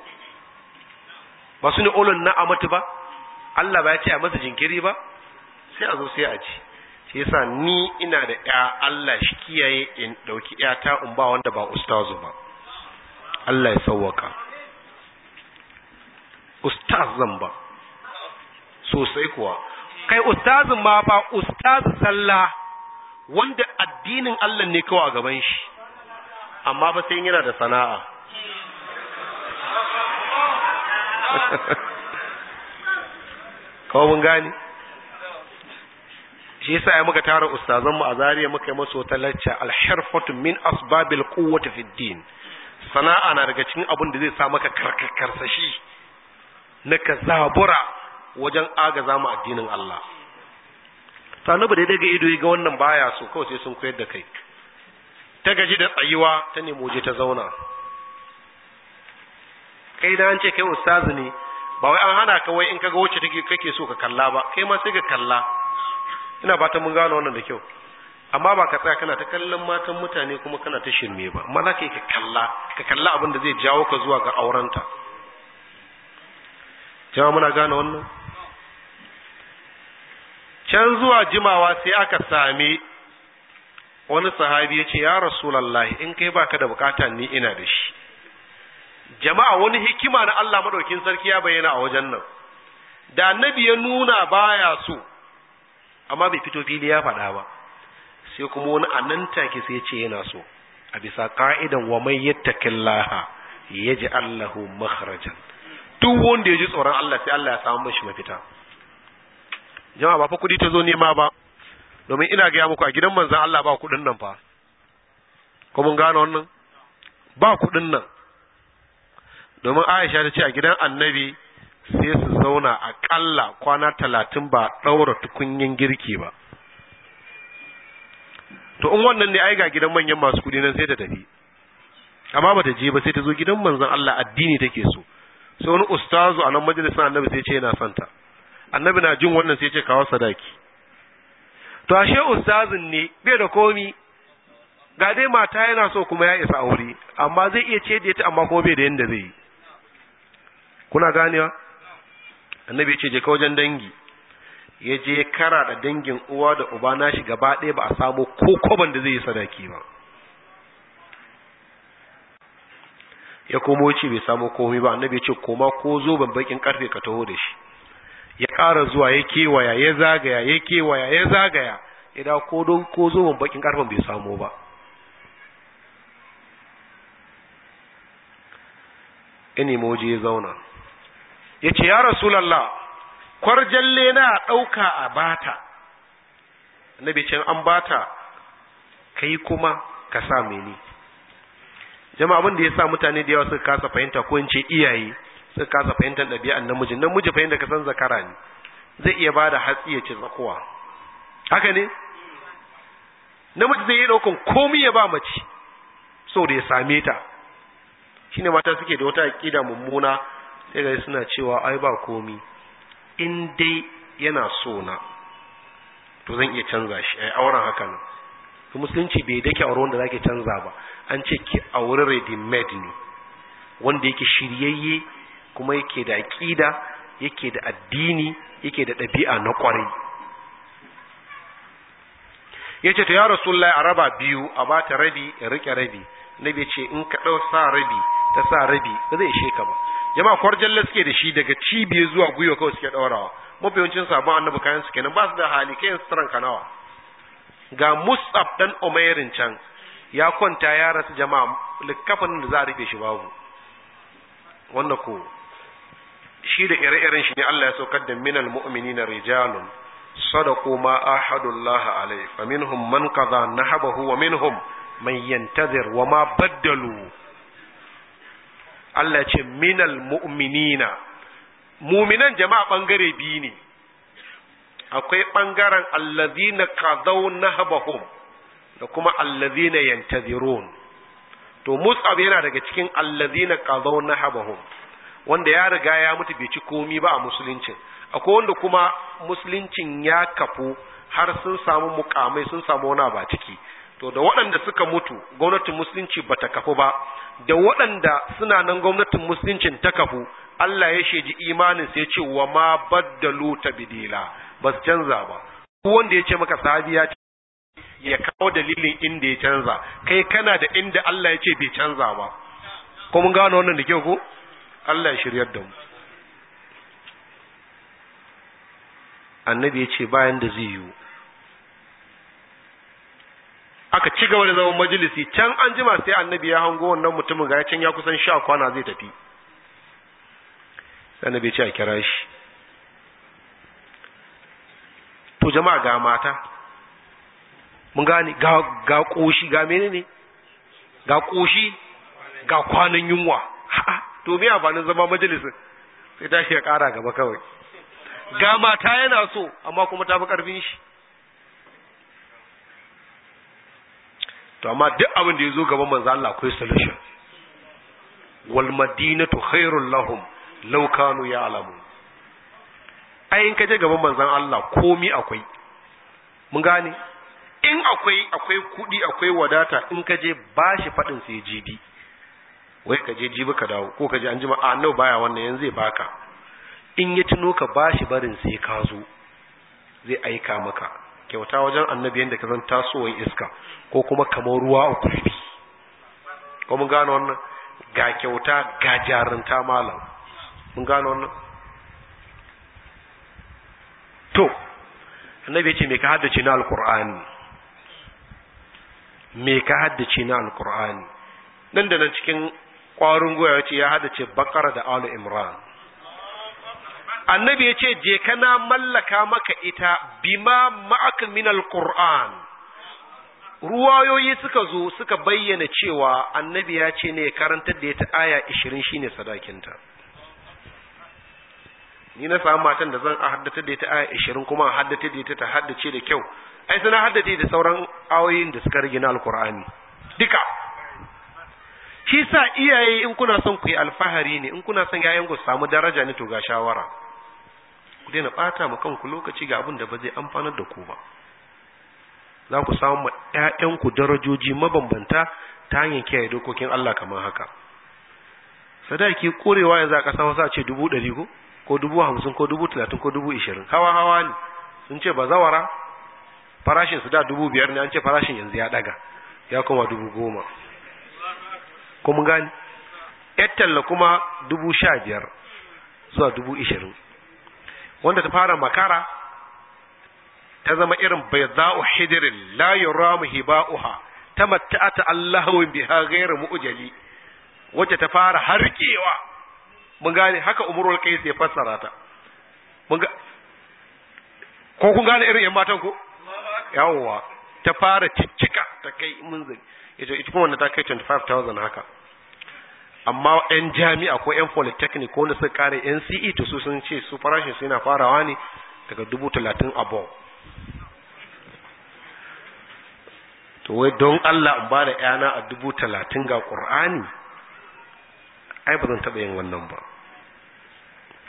ba su ne olon na amatu ba Allah ba ya ce a masa jinkiri ba sai a zo sai a ci shi yasa ni ina da ya Allah shi kiyaye in dauki ya ta in ba wanda ba ustazu ba Allah ya sauwaka ustaz zan ba sosai kuwa kai ustazin ma ba ustaz sallah wanda addinin Allah ne kawai a gaban shi amma ba sai yana da sana'a kawai mun gani shi yasa ai muka tara ustazan mu a zariya muka yi masu wata lacca alharfatu min asbabil quwwati fid din sana'a na daga cikin abin da zai sa maka karkarsashi na ka zabura wajen agaza mu addinin Allah to annabi da daga ido ga wannan baya so kawai sai sun koyar da kai ta gaji da tsayuwa ta nemo je ta zauna kai da an ce kai ustazi ne ba wai an hana ka wai in kaga wacce take kake so ka kalla ba kai ma sai ka kalla ina ta mun gano wannan da kyau amma ba ka tsaya kana ta kallon matan mutane kuma kana ta shirme ba amma za ka yi ka kalla ka kalla abin da zai jawo ka zuwa ga aurenta jama muna gane wannan can zuwa jimawa sai aka sami wani sahabi ya ce ya rasulallahi in kai baka da bukata ni ina da shi jama'a wani hikima na Allah madaukin sarki ya bayyana a wajen nan da annabi ya nuna baya so amma bai fito fili ya faɗa ba sai kuma wani anan take sai ce yana so a bisa ka'idan wa man yattaqillaha yaj'al lahu makhrajan duk wanda ya ji tsoron Allah sai Allah ya samu mashi mafita jama'a ba fa kudi ta zo nema ba domin ina gaya muku a gidan manzan Allah ba kudin nan fa ko mun gano wannan ba kudin nan domin Aisha ta ce a gidan Annabi sai su zauna a kalla kwana talatin ba ɗaura tukunyin girki ba to in wannan ne ai ga gidan manyan masu kudi nan sai ta tafi amma bata je ba sai ta zo gidan manzon Allah addini take so sai wani ustazu a nan majalisar annabi sai ce yana santa annabi na jin wannan sai ce kawo sadaki to ashe ustazin ne bai da komi ga dai mata yana so kuma ya isa aure amma zai iya ce da ci amma kuma bai da yanda zai yi kuna ganewa annabi ce je ka wajen dangi ya je kara da dangin uwa da uba na shi gaba ɗaya ba a samu ko koban da zai yi sadaki ba ya komo ce bai samu komai ba annabi ya ce koma ko zo ban bakin karfe ka taho da shi ya ƙara zuwa ya kewaya ya zagaya ya kewaya ya zagaya ya ko don ko zo ban bakin karfen bai samu ba ya nemi waje ya zauna ya ce ya rasulallah kwarjalle na ɗauka a bata annabi ce an bata kai kuma ka sa ni. jama'a abin da ya sa mutane da yawa suka kasa fahimta ko in ce iyaye suka kasa fahimtar ɗabi'an namiji namiji fahimta ka san zakara ne zai iya bada hatsi ya ci tsakuwa haka ne namiji zai yi ɗaukan komai ya ba mace so da ya same ta shine mata suke da wata aƙida mummuna sai ga suna cewa ai ba komi in dai yana so na to zan iya canza shi ai auren haka nan musulunci bai dake aure wanda zaki canza ba an ce ki auri ready made ne wanda yake shiryayye kuma yake da aqida yake da addini yake da ɗabi'a na kwarai yace to ya rasulullahi a raba biyu a bata rabi in rike rabi nabi ce in ka dau sa rabi ta sa rabi ba zai ishe ka ba jama'a kwarjalle suke da shi daga cibiye zuwa guyo kawai suke daurawa mafiyancin sabon annabi kayan su kenan ba su da hali kayan tarankanawa nawa? ga musab dan umairin can ya kwanta ya rasu jama'a likafin da za a rufe shi babu wannan ko shi da ire-iren shi ne Allah ya saukar da minal mu'minina rijalun sadaqu ma ahadullah alayhi fa minhum man qadha nahabahu wa minhum man yantazir wa ma baddalu Allah ya ce minal mu'minina muminan jama'a bangare biyu ne akwai ɓangaren allazina kadau nahabahum da kuma allazina yantazirun to mus'ab yana daga cikin allazina kadau nahabahum wanda ya riga ya mutu bai ci komi ba a musuluncin akwai wanda kuma musuluncin ya kafu har sun samu mukamai sun samu wani ba ciki to da waɗanda suka mutu gwamnatin musulunci bata kafu ba da waɗanda suna nan gwamnatin musuluncin ta kafu Allah ya sheji imanin sai ce wa ma baddalu ta tabdila ba su canza ba wanda ya ce maka sahabi ya kawo dalilin inda ya canza kai kana da inda Allah ya ce bai canza ba ko mun gano wannan da kyau ko Allah ya shiryar da mu annabi ya ce bayan da zai yiwu aka ci gaba da zaman majalisi can an jima sai annabi ya hango wannan mutumin ga ya can ya kusan sha kwana zai tafi annabi ya ce a kira shi to jama'a ga mata mun gane ga ga koshi ga menene ga koshi ga kwanan yunwa to me amfanin zama majalisin sai tashi ya kara gaba kawai ga mata yana so amma kuma ta fi karfin shi to amma duk abin da ya zo gaban manzo Allah akwai solution wal madinatu khairul lahum law kanu ya'lamun ai in ka je gaban manzon Allah komi akwai mun gane in akwai akwai kudi akwai wadata in ka je ba shi faɗin sai ya jibi wai ka je jibi ka dawo ko ka je an jima a ah, nau baya wannan yanzu zai baka in ya tuno ka ba shi barin sai ka zo zai aika maka kyauta wajen annabi yadda ka zan tasowar iska ko kuma kamar ruwa a kurfi ko mun gane wannan ga kyauta ga jarinta malam mun gane wannan to annabi ya ce me ka haddace na alqur'ani me ka haddace na alqur'ani nan da nan cikin ƙwarin goya ya ce ya haddace bakara da alu imran annabi ya ce je kana mallaka maka ita bima ma'aka min alqur'an ruwayoyi suka zo suka bayyana cewa annabi ya ce ne karantar da ita aya 20 shine sadakinta ni na samu matan da zan haddace da ita aya 20 kuma haddace da ita ta haddace da kyau ai suna haddace da sauran ayoyin da suka rigina na alkur'ani duka shi sa iyaye in kuna son ku yi alfahari ne in kuna son yayan ku samu daraja ne to ga shawara ku daina bata ma kanku lokaci ga abin da ba zai amfanar da ku ba za ku samu ma ƴaƴan ku darajoji mabambanta ta hanyar kiyaye dokokin Allah kamar haka sadaki korewa yanzu a ƙasa wasa ce dubu ɗari ko ko dubu hamsin ko dubu talatin ko dubu ishirin hawa hawa ne sun ce ba zawara farashin su da dubu biyar ne an ce farashin yanzu ya daga ya koma dubu goma kuma mun gani yar talla kuma dubu sha biyar zuwa dubu ishirin wanda ta fara makara ta zama irin bai za'u hidirin la hiba uha. ta matta'ata Allahu biha gairu mu'jali wacce ta fara harkewa mun gane haka umurul qais ya fassara ta mun ga ko kun gane irin yan matan ko yawwa ta fara ciccika ta kai mun zai yace ita kuma wannan ta kai 25000 haka amma yan jami'a ko yan polytechnic ko wanda suka kare NCE to su sun ce su farashin su yana farawa ne daga 30 above to wai don Allah in ba da yana a dubu talatin ga ƙur'ani ai ba zan taɓa yin wannan ba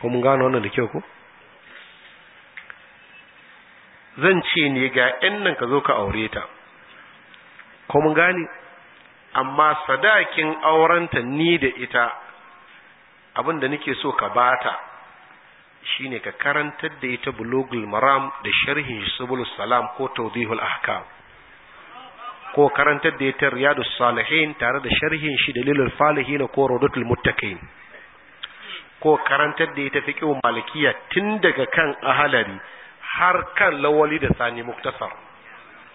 ko mun gano wannan da kyau ko zan ce ne ga ‘yan nan ka zo ka aure ta, ko mun gane, amma sadakin aurenta ni da ita abin da nake so ka bata shine ne ka karantar da ita bulogul maram da sharhin subul salam ko tawdihul ahkam ko karantar da ita riyadu salihin tare da sharhin shi dalilul falihin ko rodotul muttaqin ko karantar da ita fiqhul malikiya tun daga kan ahalari har kan lawali da sani muktasar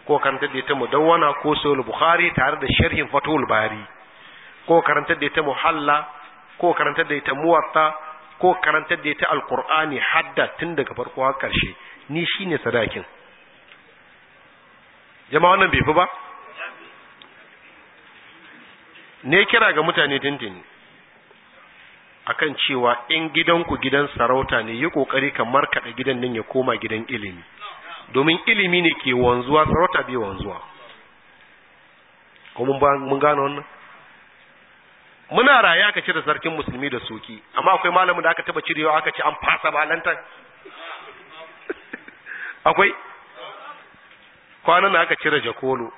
ko karantar da ita mudawwana ko sahih bukhari tare da sharhin fatul bari ko karantar da ita muhalla ko karantar da ita muwatta ko karantar da ita alqur'ani hadda tun daga farko har karshe ni shine sadakin jama'a wannan bai fi ba ne kira ga mutane dindini akan cewa in gidanku gidan sarauta ne yi kokari ka markaɗa gidan nan ya koma gidan ilimi domin ilimi ne ke wanzuwa sarauta bai wanzuwa kuma mun gano wannan muna raye aka cire sarkin musulmi da soki amma akwai malamin da aka taba cirewa aka ce an fasa balantan akwai kwanan da aka cire jakolo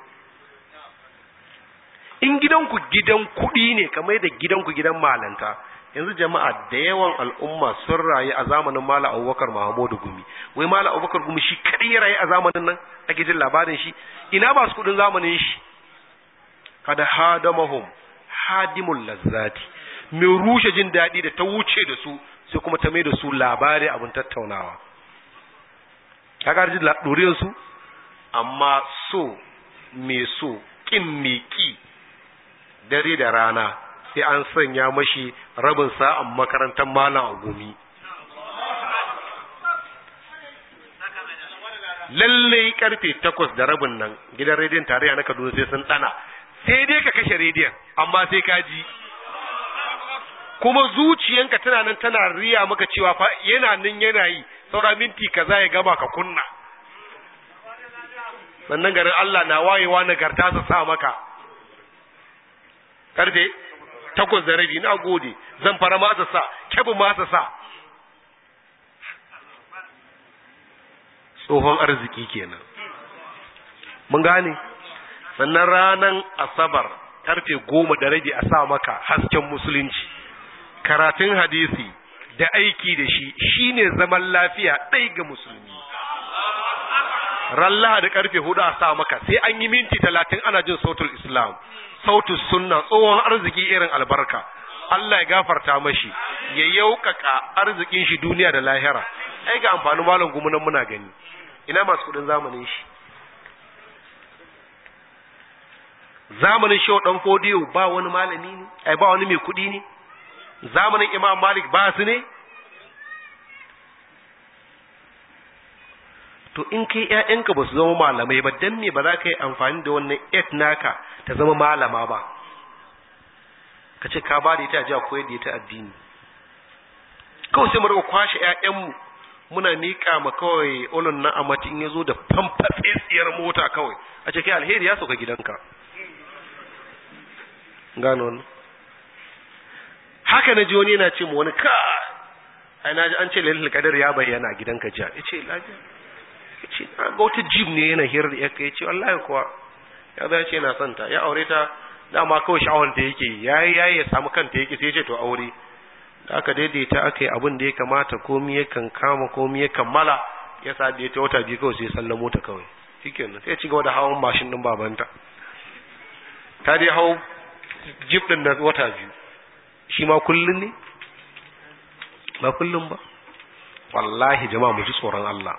in gidanku gidan kuɗi ne kamar da gidanku gidan malanta yanzu jama'a da yawan al'umma sun rayu a zamanin Malam abubakar Muhammadu gumi wai Malam abubakar gumi shi kadai ya rayu a zamanin nan ake jin labarin shi ina ba su kudin zamanin shi kada hadamahum hadimul lazzati mai rushe jin daɗi da ta wuce da su sai kuma ta mai da su labari abin tattaunawa kaga da ɗoriyar su amma so mai so kin mai dare da rana sai an sanya mashi rabin sa'an makarantar malam a gumi lallai karfe takwas da rabin nan gidan rediyon tarayya na kaduna sai sun tsana sai dai ka kashe rediyon amma sai ka ji kuma zuciyanka tana nan tana riya maka cewa fa yana nan yana yi saura minti kaza ya gama ka kunna sannan garin Allah na wayewa nagarta su sa maka karfe takwas da rabi na gode zan fara ma sa kebu ma sa tsohon arziki kenan mun gane sannan ranan asabar karfe goma da rabi a sa maka hasken musulunci karatun hadisi da aiki da shi shine zaman lafiya ɗai ga musulmi ralla da karfe hudu a sa maka sai an yi minti talatin ana jin sautul islam sautul sunna tsohon arziki irin albarka Allah ya gafarta mashi ya yaukaka arzikin shi duniya da lahira ai ga amfanin malam gumunan muna gani ina masu kudin zamanin shi zamanin shi dan fodiyo ba wani malami ne ai ba wani mai kudi ne zamanin imam malik ba su ne to in kai ƴaƴanka ba su zama malamai ba dan me ba za ka yi amfani da wannan et naka ta zama malama ba ka ce ka ba da ita a jiya koyar da ita addini kawai sai mu rika kwashe ƴaƴanmu muna miƙa ma kawai olon na amatin ya zo da tsiyar mota kawai a ce kai alheri ya sauka gidanka gano wannan haka na ji wani yana ce ma wani ka ai na ji an ce lalil kadar ya bayyana a gidanka jiya ya ce lafiya ce ga wata jib ne yana hirar da yaka ya ce wallahi kuwa ya zai ce yana santa ya aure ta dama kawai sha'awar da yake yayi yayi ya samu kanta yake sai ya ce to aure da aka daidaita aka yi abin da ya kamata komi ya kan kama komi ya kammala ya sa da ya ta wata biyu kawai sai ya sallamo ta kawai shikenan sai ya ci gaba da hawan mashin din babanta ta dai hau jib din na wata biyu shi ma kullun ne ba kullun ba wallahi jama'a mu ji tsoron Allah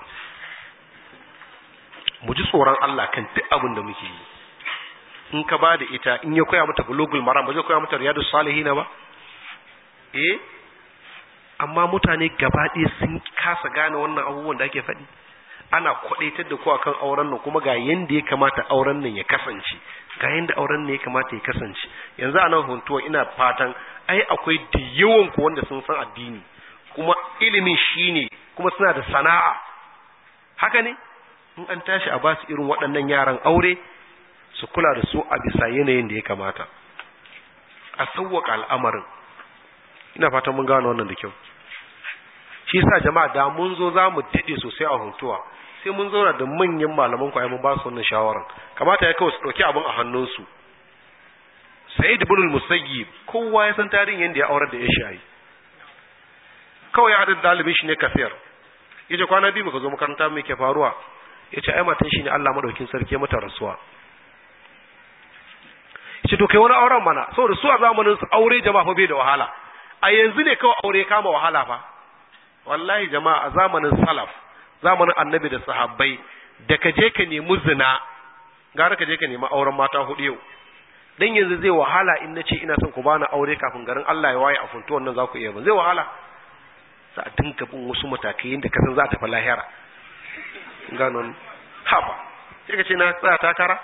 mu ji tsoron Allah kan duk abin da muke yi in ka ba da ita in ya koya mata bulugul maram ba zai koya mata salihi salihin ba eh amma mutane gaba ɗaya sun kasa gane wannan abubuwan da ake faɗi ana kwaɗaitar da ku akan auren nan kuma ga yadda ya kamata auren nan ya kasance ga yadda auren nan ya kamata ya kasance yanzu a nan huntuwa ina fatan ai akwai da yawan ku wanda sun san addini kuma ilimin shine kuma suna da sana'a haka ne in an tashi a ba su irin waɗannan yaran aure su kula da su a bisa yanayin da ya kamata a sauwaka al'amarin ina fatan mun gano wannan da kyau shi sa jama'a da mun zo za mu daɗe sosai a huntuwa sai mun zauna da manyan malaman kwaye mun ba su wannan shawaran kamata ya kawo su ɗauki abin a hannunsu da bulul musayyib kowa ya san tarihin yadda ya aurar da ya shayi kawai ya haɗa dalibin shi ne kafiyar yace kwana biyu ka zo makaranta me ke faruwa Ya ce ai matan shi ne Allah madaukin sarki mata rasuwa shi to kai wani auren mana da su a zamanin su aure jama'a fa bai da wahala a yanzu ne kawai aure kama wahala fa wallahi jama'a a zamanin salaf zamanin annabi da sahabbai da ka je ka nemi zina gara ka je ka nemi auren mata hudu yau dan yanzu zai wahala in na ce ina son ku bani aure kafin garin Allah ya waye a funto wannan za ku iya ba zai wahala Sa'a a dinka bin wasu matakai da san za ta fa lahira ganon haba sai ka ce na tsaya takara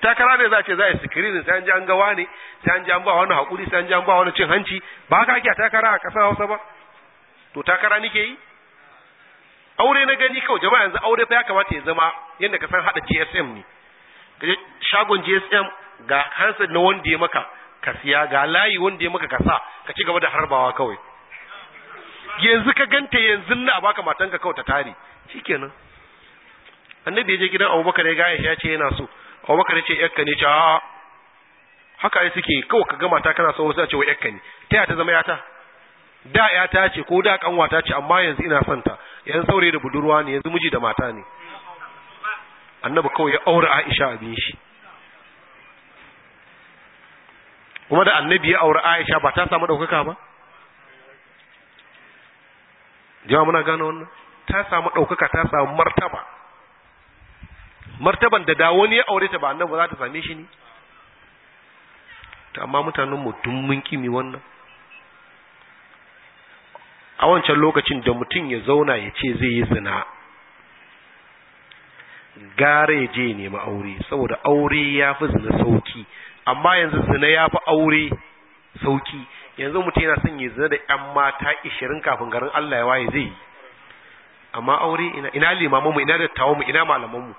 takara ne za ce za a yi sai an ji an gawa ne sai an ji an ba wani haƙuri sai an ji an ba wani cin hanci ba haka ake a takara a ƙasar hausa ba to takara nike yi aure na gani kawai jama'a yanzu aure fa ya kamata ya zama yadda ka san haɗa gsm ne shagon gsm ga hansa na wanda ya maka ka siya ga layi wanda ya maka ka sa ka ci gaba da harbawa kawai yanzu ka ganta yanzu na a baka matanka kawai ta tare kenan annabi ya je gidan abubakar ya gaya ya ce yana so abubakar ya ce yakka ne ce a haka ai suke kawai ka gama ta kana so wasu a ce wa yakka ne ta ta zama yata da yata ce ko da ta ce amma yanzu ina son ta yanzu saurayi da budurwa ne yanzu miji da mata ne annabi kawai ya aure Aisha abin shi kuma da annabi ya aure Aisha ba ta samu daukaka ba jama muna gano wannan ta samu ɗaukaka ta samu martaba martaban da da wani ya aure ta ba annabi za ta same shi ne to amma mutanen mu tun mun kimi wannan a wancan lokacin da mutum ya zauna ya ce zai yi zina gara ya je nemi aure saboda aure ya fi zina sauki amma yanzu zina ya fi aure sauki yanzu mutum yana son ya zina da ƴan mata ishirin kafin garin Allah ya waye zai amma aure ina ina mu ina dattawan mu ina malaman mu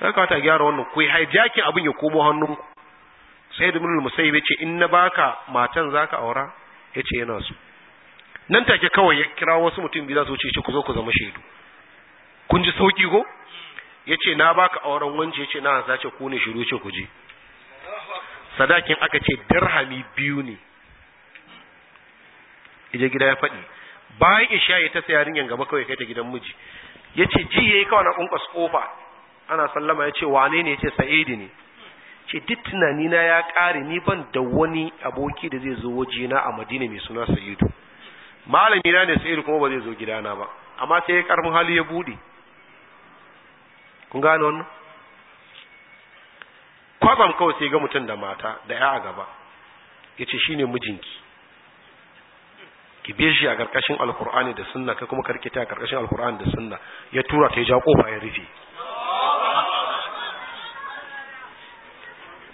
ka kamata gyara wannan ku hijakin abin ya komo hannun ku sai da mulul musayyib yace in na baka matan zaka aura yace yana so nan take kawai ya kira wasu mutum biyu za su ku zo ku zama shaidu kun ji sauki ko yace na baka auren wance yace na zace ku ne shiru ce ku je sadakin aka ce dirhami biyu ne ije gida ya faɗi bayan isha ya ta sai yarinyar gaba kawai kai ta gidan miji ya ce ji ya yi kawai na ƙunƙas ƙofa ana sallama ya ce wane ne ya ce sa'idi ne ce duk tunani na ya kare ni ban da wani aboki da zai zo wajena a madina mai suna sa'idu malami na ne sa'idu kuma ba zai zo gidana ba amma sai ya karmin hali ya buɗe kun gane wannan kwatsam kawai sai ga mutum da mata da ya a gaba ya ce shi ne mijinki ki biye shi a ƙarƙashin alkur'ani da sunna kai kuma karkita a ƙarƙashin alkur'ani da sunna ya tura ta ya ja ƙofa ya rufe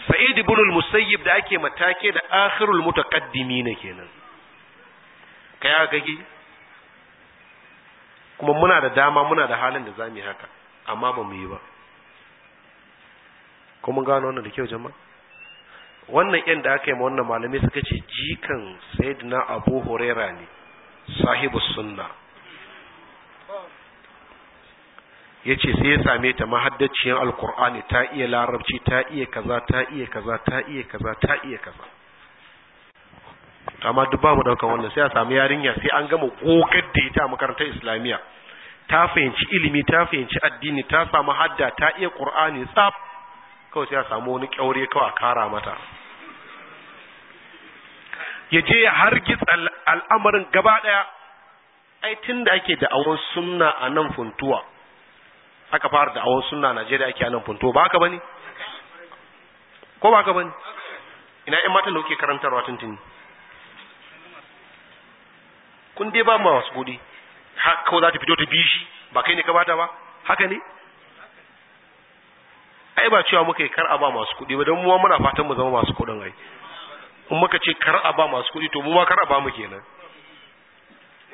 sa'id ibn al-musayyib da ake matake da akhirul mutaqaddimi ne kenan kai ga gi kuma muna da dama muna da halin da zamu yi haka amma ba mu yi ba ko mun gano wannan da kyau jama'a wannan yan da aka yi ma wannan malamai suka ce jikan sayyidina abu huraira ne sahibu sunna ya ce sai ya same ta mahaddaciyar alkur'ani ta iya larabci ta iya kaza ta iya kaza ta iya kaza ta iya kaza amma duk ba mu daukan wannan sai a samu yarinya sai an gama gogar da ita a makarantar islamiyya ta fahimci ilimi ta fahimci addini ta samu hadda ta iya qur'ani tsaf kawai sai a samu wani kyaure kawai a kara mata ya je ya hargitsa al'amarin gaba daya ai tun da ake da'awar sunna a nan funtuwa aka fara da'awar sunna a najeriya ake a nan funtuwa ba ka bani? ko ba ka bani? ina ‘yan matan da kuke karantarwa tuntuni kun dai ba masu gudi ko za ta fito ta bishi ba kai ne ka bata ba haka ne ai ba cewa muka yi kar a ba masu kuɗi ba don mu muna fatan mu zama masu kuɗin ai in muka ce kar a ba masu kuɗi to mu ma kar a ba mu kenan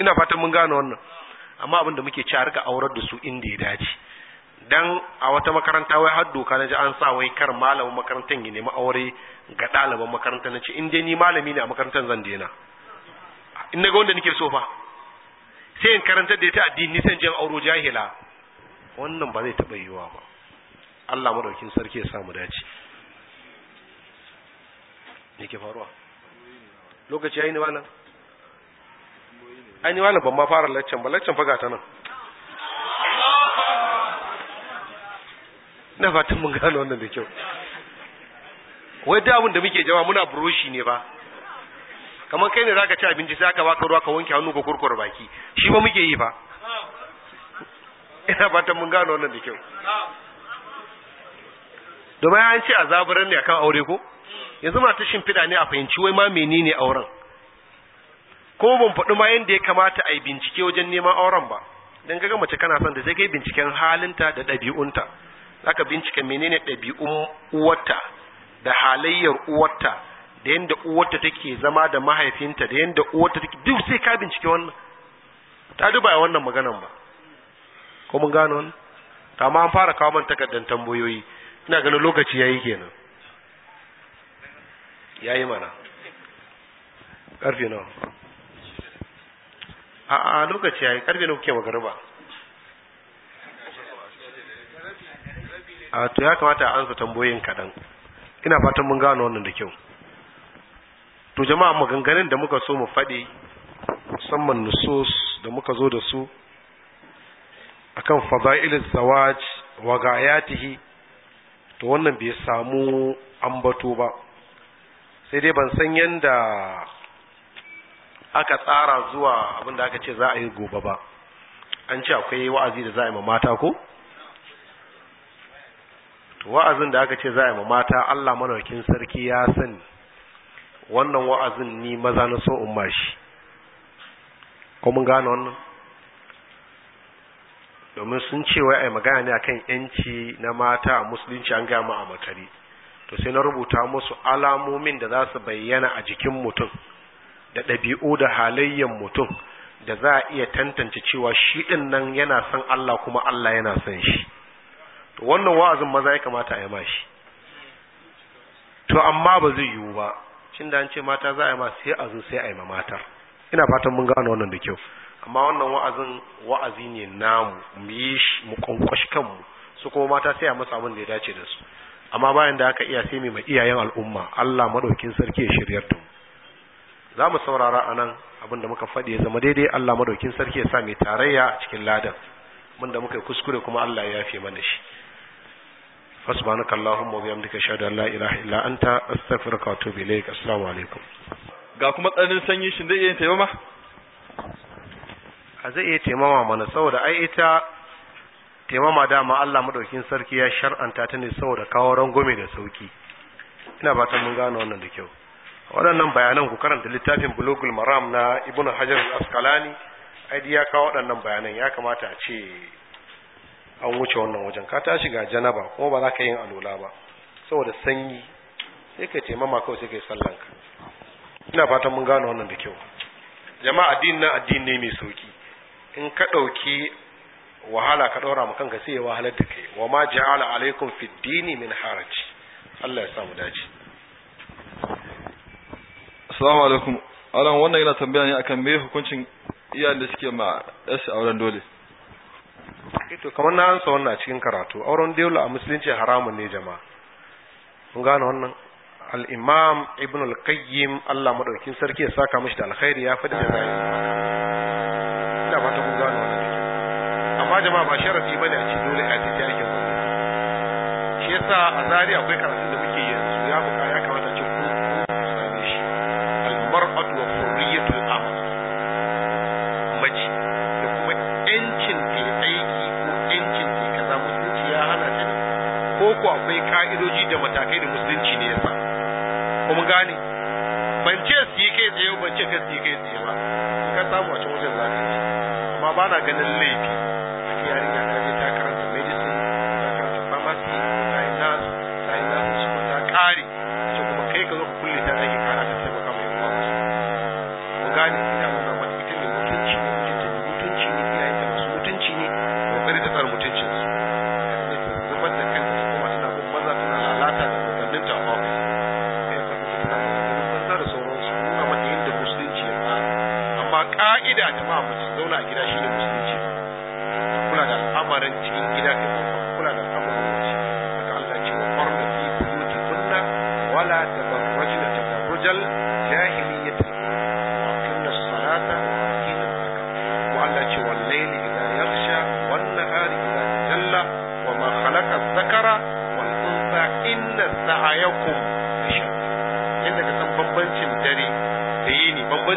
ina fatan mun gane wannan amma abin da muke ci a rika aurar da su inda ya dace dan a wata makaranta wai har doka na ji an sa wai kar malamin makarantar ya nemi aure ga ɗaliban makarantar na ce in dai ni malami ne a makarantar zan daina in na ga wanda nake so fa sai in karantar da ita addini nisan jin auro jahila wannan ba zai taɓa yiwuwa ba Allah madaukin sarki ya samu dace me ke faruwa lokaci yayi ne wannan an wannan ban ma fara laccan ba laccan faga ta nan na fatan mun gano wannan da kyau wai da abin da muke jawa muna buroshi ne ba kamar kai ne zaka ci abinci sai aka baka ruwa ka wanke hannu ka kurkure baki shi ba muke yi ba ina fatan mun gano wannan da kyau domin an ce a zaburar ne akan aure ko yanzu ta shimfiɗa ne a fahimci wai ma menene auren ko ban faɗi ma yadda ya kamata a yi bincike wajen neman auren ba don gaga mace kana son da sai kai binciken halinta da ɗabi'unta aka bincika menene ɗabi'un uwarta da halayyar uwarta da yadda uwarta take zama da mahaifinta da yadda uwarta take duk sai ka bincike wannan ta duba wannan maganan ba ko mun gano wannan amma an fara kawo man takardar tambayoyi ina ganin lokaci ya yi kenan yi mana karfe nawa a a lokaci yi karfe nawa kuke magariba a to ya kamata a ansa tambayoyin kadan ina fatan mun gano wannan da kyau to jama'a maganganun da muka so mu faɗi musamman nusus da muka zo da su akan fadailul zawaj wa gayatihi to wannan bai samu ambato ba sai dai ban san yadda aka tsara zuwa abinda da aka ce za a yi gobe ba an ce akwai wa'azi da za a yi ma mata ko to wa'azin da aka ce za a yi ma mata Allah madaukakin sarki ya sani wannan wa'azin ni maza na so in mashi ko mun gane wannan domin sun ce wai ai magana ne akan yanci na mata a musulunci an mu a makari, to sai na rubuta musu alamomin da za su bayyana a jikin mutum da ɗabi'u da halayyan mutum da za a iya tantance cewa shi ɗin nan yana son Allah kuma Allah yana son shi to wannan wa'azin maza ya kamata a yi ma shi to amma ba zai yiwu ba shin da an ce mata za a yi ma sai a zo sai a yi ma mata, ina fatan mun gano wannan da kyau amma wannan wa'azin wa'azi ne namu mu yi shi mu kwankwashi kanmu su kuma mata sai a musu abin da ya dace da su amma bayan da aka iya sai mai iyayen al'umma Allah madaukin sarki ya shiryar da mu za mu saurara a nan abin da muka faɗi ya zama daidai Allah madaukin sarki ya sa mai tarayya a cikin ladan mun da muka yi kuskure kuma Allah ya yafe mana shi فسبحانك اللهم وبحمدك اشهد ان لا اله الا انت استغفرك واتوب اليك السلام ga kuma tsananin sanyi shin zai iya taimama a zai iya taimama mana saboda ai ita taimama dama Allah madaukin sarki ya shar'anta ta ne saboda kawo rangume da sauki ina ta mun gano wannan da kyau waɗannan bayanan ku karanta littafin bulogul maram na ibnu hajar al-asqalani ai ya kawo waɗannan bayanan ya kamata a ce an wuce wannan wajen ka ta shiga janaba kuma ba za ka yin alola ba saboda sanyi sai ka taimama kawai sai ka yi sallanka ina fatan mun gano wannan da kyau jama'a addinin nan addini ne mai sauki in ka ɗauki wahala ka ɗora ma kanka sai ya wahalar da kai wa ma ja'ala alaikum fi dini min haraj Allah ya samu dace assalamu alaikum alan wannan yana tambaya ne akan me hukuncin iyayen da suke ma yas auren dole eh to kamar na ansa wannan cikin karatu auren dole a musulunci haramun ne jama'a mun gane wannan al-imam ibn al-qayyim Allah madaukin sarki ya saka mishi da alkhairi ya faɗi da zai da jama'a ba sharafi bane a cikin dole a cikin yake ba shi yasa a zari akwai karatu da muke yanzu ya buka ya kamata ce ku same shi al-mar'atu wa hurriyatul amal mace da kuma yancin ta aiki ko yancin ta kaza musulunci ya hana ta ne ko ko akwai ka'idoji da matakai da musulunci ne yasa kuma gane ban ce su yi kai tsaye ban ce kai su yi tsaye ba ka samu a cikin wajen zaka amma ba na ganin laifi yada, yada.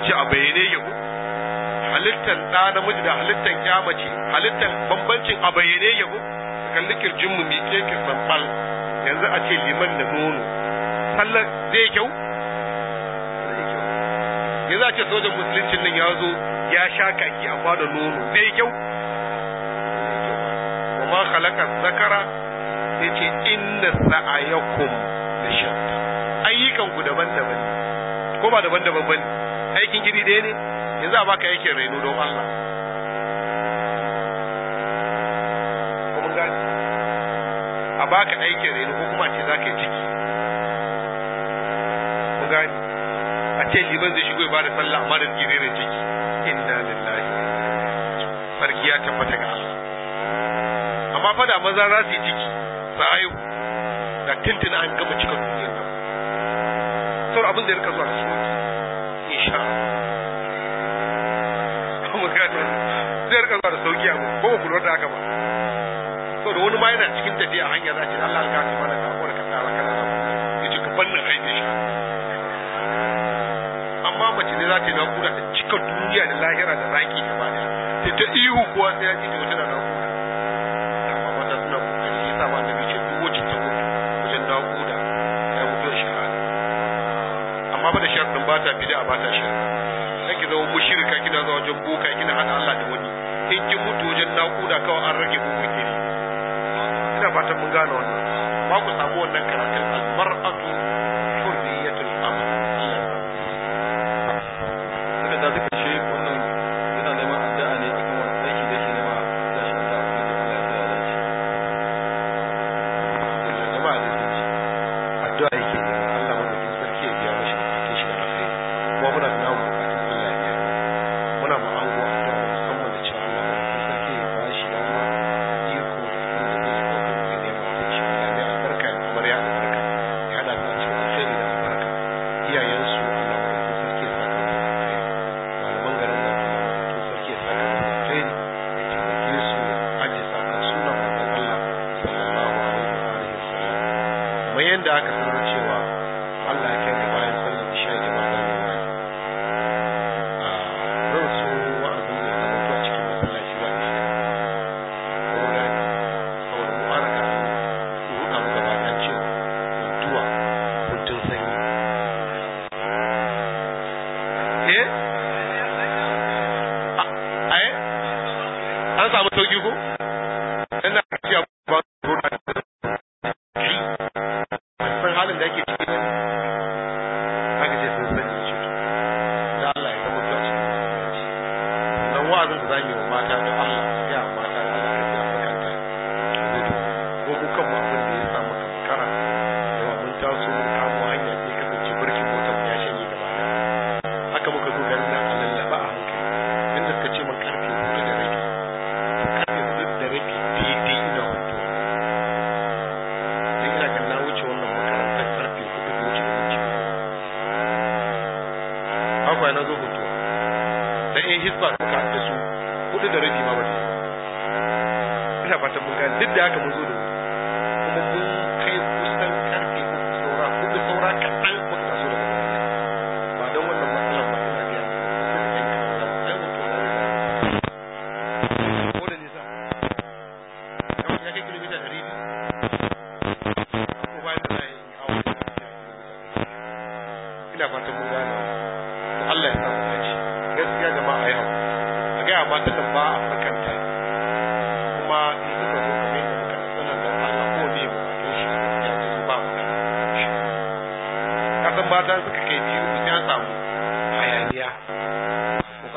musulunci a bayyane yabo halittar ɗa namiji da halittar ya mace halittar bambancin a bayyane ya yabo kalli kirjin mu mike ki sanfal yanzu a ce liman da nono sallar zai kyau ya a ce sojan musuluncin nan ya zo ya sha kaki a kwada nono zai kyau kuma halakar zakara ya ce inda sa'ayakum da shanta ayyukan ku daban-daban ko ba daban-daban bane cikin gidi ɗaya ne yanzu a baka yake raino don Allah kuma gani a baka aikin raino ko kuma ce za ka yi ciki kuma gani a ce liman zai shigo ya bada sallah amma da tsiririn ciki inna lillahi sarki ya tabbata ga Allah amma fa da maza za su yi ciki sa aihu da tintin an gama cikin duniyar nan abin da ya rika zuwa cikin kuma zai rika zuwa da sauki ko ba kulwar da ba so da wani ma yana cikin tafiya hanya za ce Allah ka ci mana da ka ya shi amma mace ne za ta yi nakuda da cika duniya da lahira da raki gaba ɗaya sai ta ihu kuwa sai ya ce ta bata bid'a a ba ta shirka kake zama mushrika kina zuwa wajen boka kina hada Allah da wani in ki mutu wajen nakuda kawai an rage muku kiri ina fatan mun gane wannan ba ku samu wannan karatun almar'atu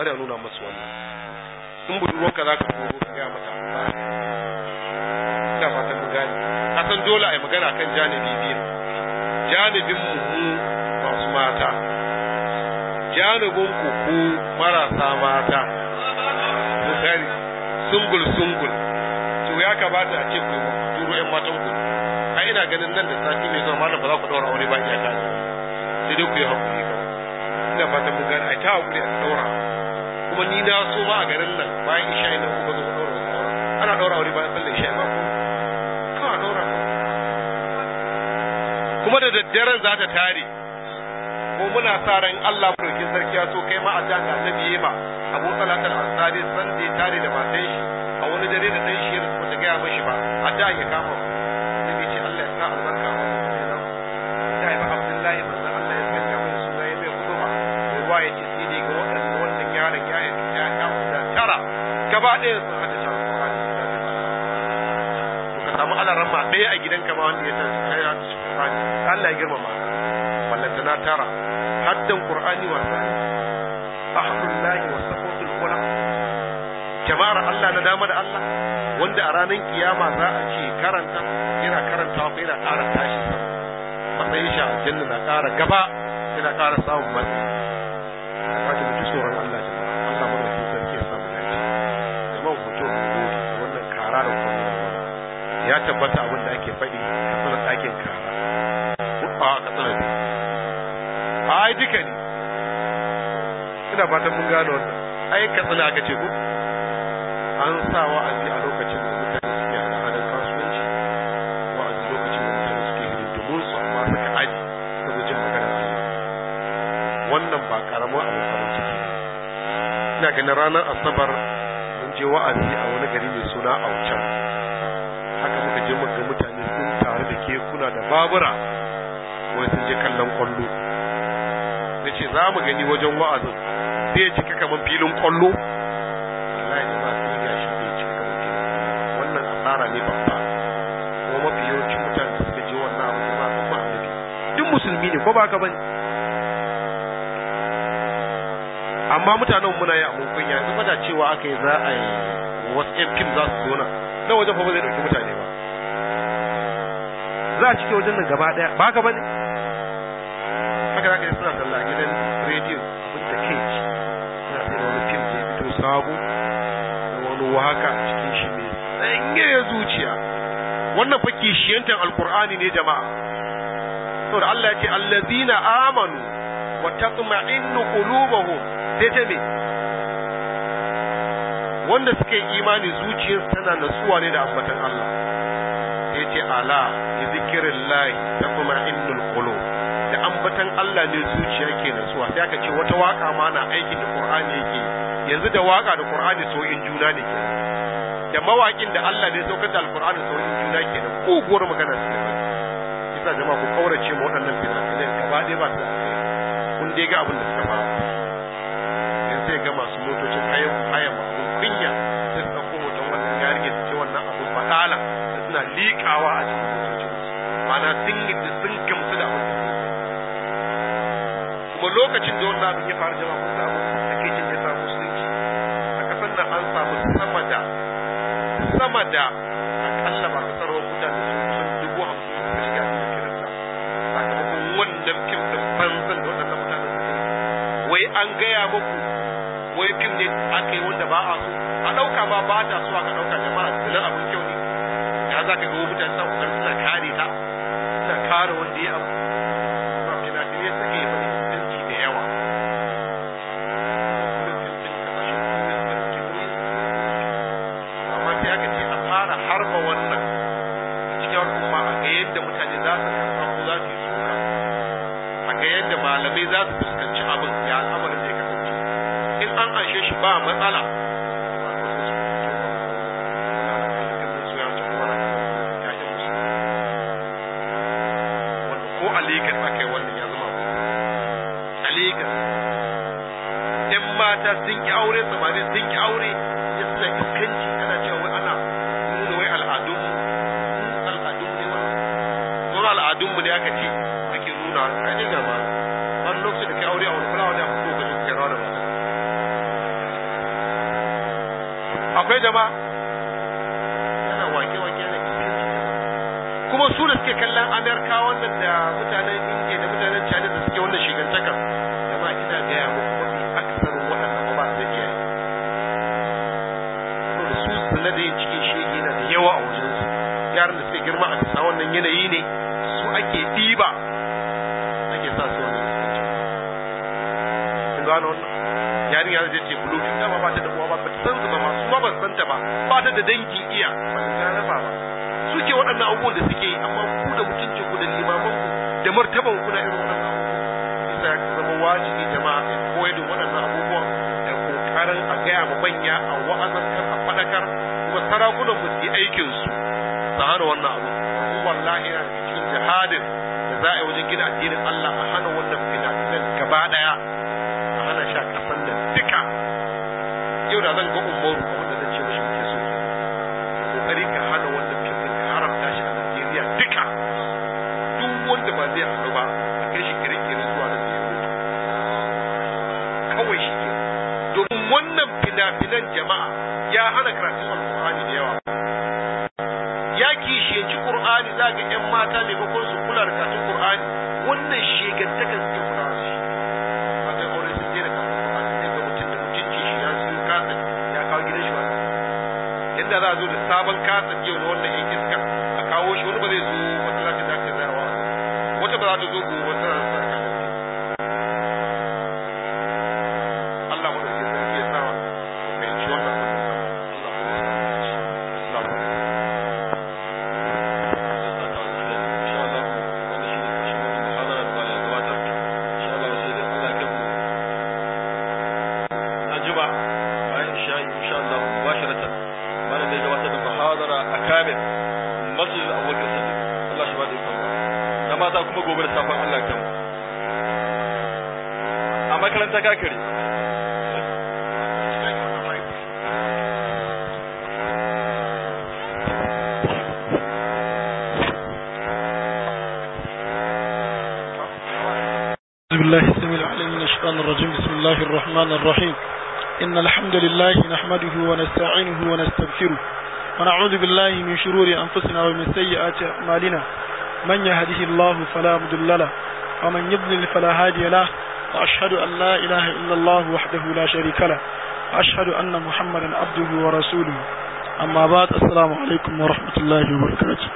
bari a nuna masu Sun in budurwarka za ka koro ka gaya mata ba ina fatan mu gane ka san dole a yi magana kan janibi biyu janibin mu masu mata janibin kuku marasa mata mu gari. sungul sungul to ya kamata a ce ku duro yan matan ku a ina ganin nan da sati mai zuwa malam ba za ku daura aure ba iyaka sai dai ku yi hakuri ina fatan mu gane a ta hakuri a daura kuma ni na so ma a garin nan bayan isha ina kuma zuwa ɗaura wasu ɗora ana ɗaura wuri bayan sallar isha ba kuma kawai ɗaura kuma da daddaren za ta tare ko muna sa ran Allah ɗauki sarki ya so kai ma a ta ga annabi ma abu salatar ansari san da tare da matan shi a wani dare da dan shi ya rasu ta ya mishi ba a ta ya kama gaba ɗaya sun hada shi alƙur'ani ka samu alaran ma ɗaya a gidanka ma wanda ya Ta tsaya shi alƙur'ani Allah ya girmama ballanta na tara haddan wa wasa ahdullahi wa safatul kula jama'ar Allah na dama da Allah wanda a ranar kiyama za a ce karanta yana karanta ko yana ƙara tashi matsayin shi jannu na ƙara gaba yana ƙara samun matsayi tabbata abin da ake faɗi a tsara ɗakin ka a ƙasar ne a ai duka ne ina fatan mun gano wannan ai ka tsina aka ce ko an sa wa'azi a lokacin da mutane suke hada hadar kasuwanci wa'azi lokacin da mutane suke dubu su amma suka aji saboda jin magana wannan ba karamar abu farin ciki ina ganin ranar asabar mun je wa'azi a wani gari mai suna aucan je muka mutane sun taru da kekuna da babura wai sun je kallon kwallo na ce za mu gani wajen wa'azin zai cika kaman filin kwallo wallahi ba su yi gashi zai cika kamar wannan asara ne babba kuma mafi yawancin mutane da suka je wannan abu ba su ba annabi duk musulmi ne ko ba ka bane amma mutanen muna yi abun kunya yanzu fada cewa aka yi za a yi wasu 'yankin za su zo na wajen fa zai ɗauki mutane ba za a cike wajen nan gaba daya ba ka bane haka za ka yi suna kalla a gidan rediyo mun ta kai suna sai wani fim da ya fito sabo da wani waka a cikin shi mai sanyaya zuciya wannan fa kishiyantar alkur'ani ne jama'a saboda Allah ya ce allazina amanu wa tatma'innu qulubuhum sai ta me wanda suka yi imani zuciyarsu tana nasuwa ne da ambatan Allah ce ala zikirin lahi da kuma innul kulo da ambatan Allah ne zuciya ke nasuwa sai aka ce wata waka ma na aikin da Qur'ani yake yanzu da waka da Qur'ani so in juna ne ke da mawakin da Allah ne saukar da Al-Qur'ani so in juna ke da kuguwar magana su ne jama'a ku kaurace mu waɗannan fina-finai gaba ɗaya ba su kun dai ga abin da suka fara yanzu sai ga masu motocin kayan kayan masu kunya sai su wannan yarinya su ce wannan abu fatala suna liƙawa a cikin lokacin da wanda abin ya faru jama'a mun samu ake ke ya samu musulunci a kasar nan an samu sama da sama da akalla masu tsaron mutane su kusan dubu hamsin suka shiga cikin kirista sakamakon wannan fim ban san da wannan mutanen da yi wai an gaya muku wai fim ne aka yi wanda ba a so a ɗauka ma ba ta so aka ɗauka jama'a da abin kyau ne ya za ka ga wani mutane sa da jama'a yana wake-wake da kuma su da suke kallon amerika wannan da mutanen indiya da mutanen china da suke wannan shigantakar ma ina gaya muku mafi aksarin waɗannan ba su da iyaye su kula da yin cikin shege na da yawa a wajensu yaran da suke girma a kasa wannan yanayi ne su ake diba ake sa su wannan gano wannan yarinya da ce bulu kin dama ba ta da san su ba masu ma ban san ta ba ba ta da dangin iya ban raba ba suke waɗannan abubuwan da suke yi amma ku da mutunci ku da limaman ku da martaban ku na irin waɗannan abubuwan sai ka zama wajibi jama'a ya koyar da waɗannan abubuwan da kokarin a gaya ma manya a wa'azantar a faɗakar kuma sarakunan mu su aikin su su wannan abu wallahi yana cikin jihadin da za a yi wajen gina addinin Allah a hana wannan fina gaba ɗaya saboda nan ga umaru wanda zan ce mashi muke so kokari ka hana wannan fim ka haramta shi a Najeriya duka duk wanda ba zai haɗu ba a kai shi kirkiri zuwa da ya kawai shi ke domin wannan fina-finan jama'a ya hana karatun alƙur'ani da yawa ya kishiyanci ƙur'ani za ga 'yan mata ne kakari السميع العليم من الشيطان الرجيم بسم الله الرحمن الرحيم إن الحمد لله نحمده ونستعينه ونستغفره ونعوذ بالله من شرور أنفسنا ومن سيئات أعمالنا من يهده الله فلا مضل له ومن يضلل فلا هادي له وأشهد أن لا إله إلا الله وحده لا شريك له وأشهد أن محمدا عبده ورسوله أما بعد السلام عليكم ورحمة الله وبركاته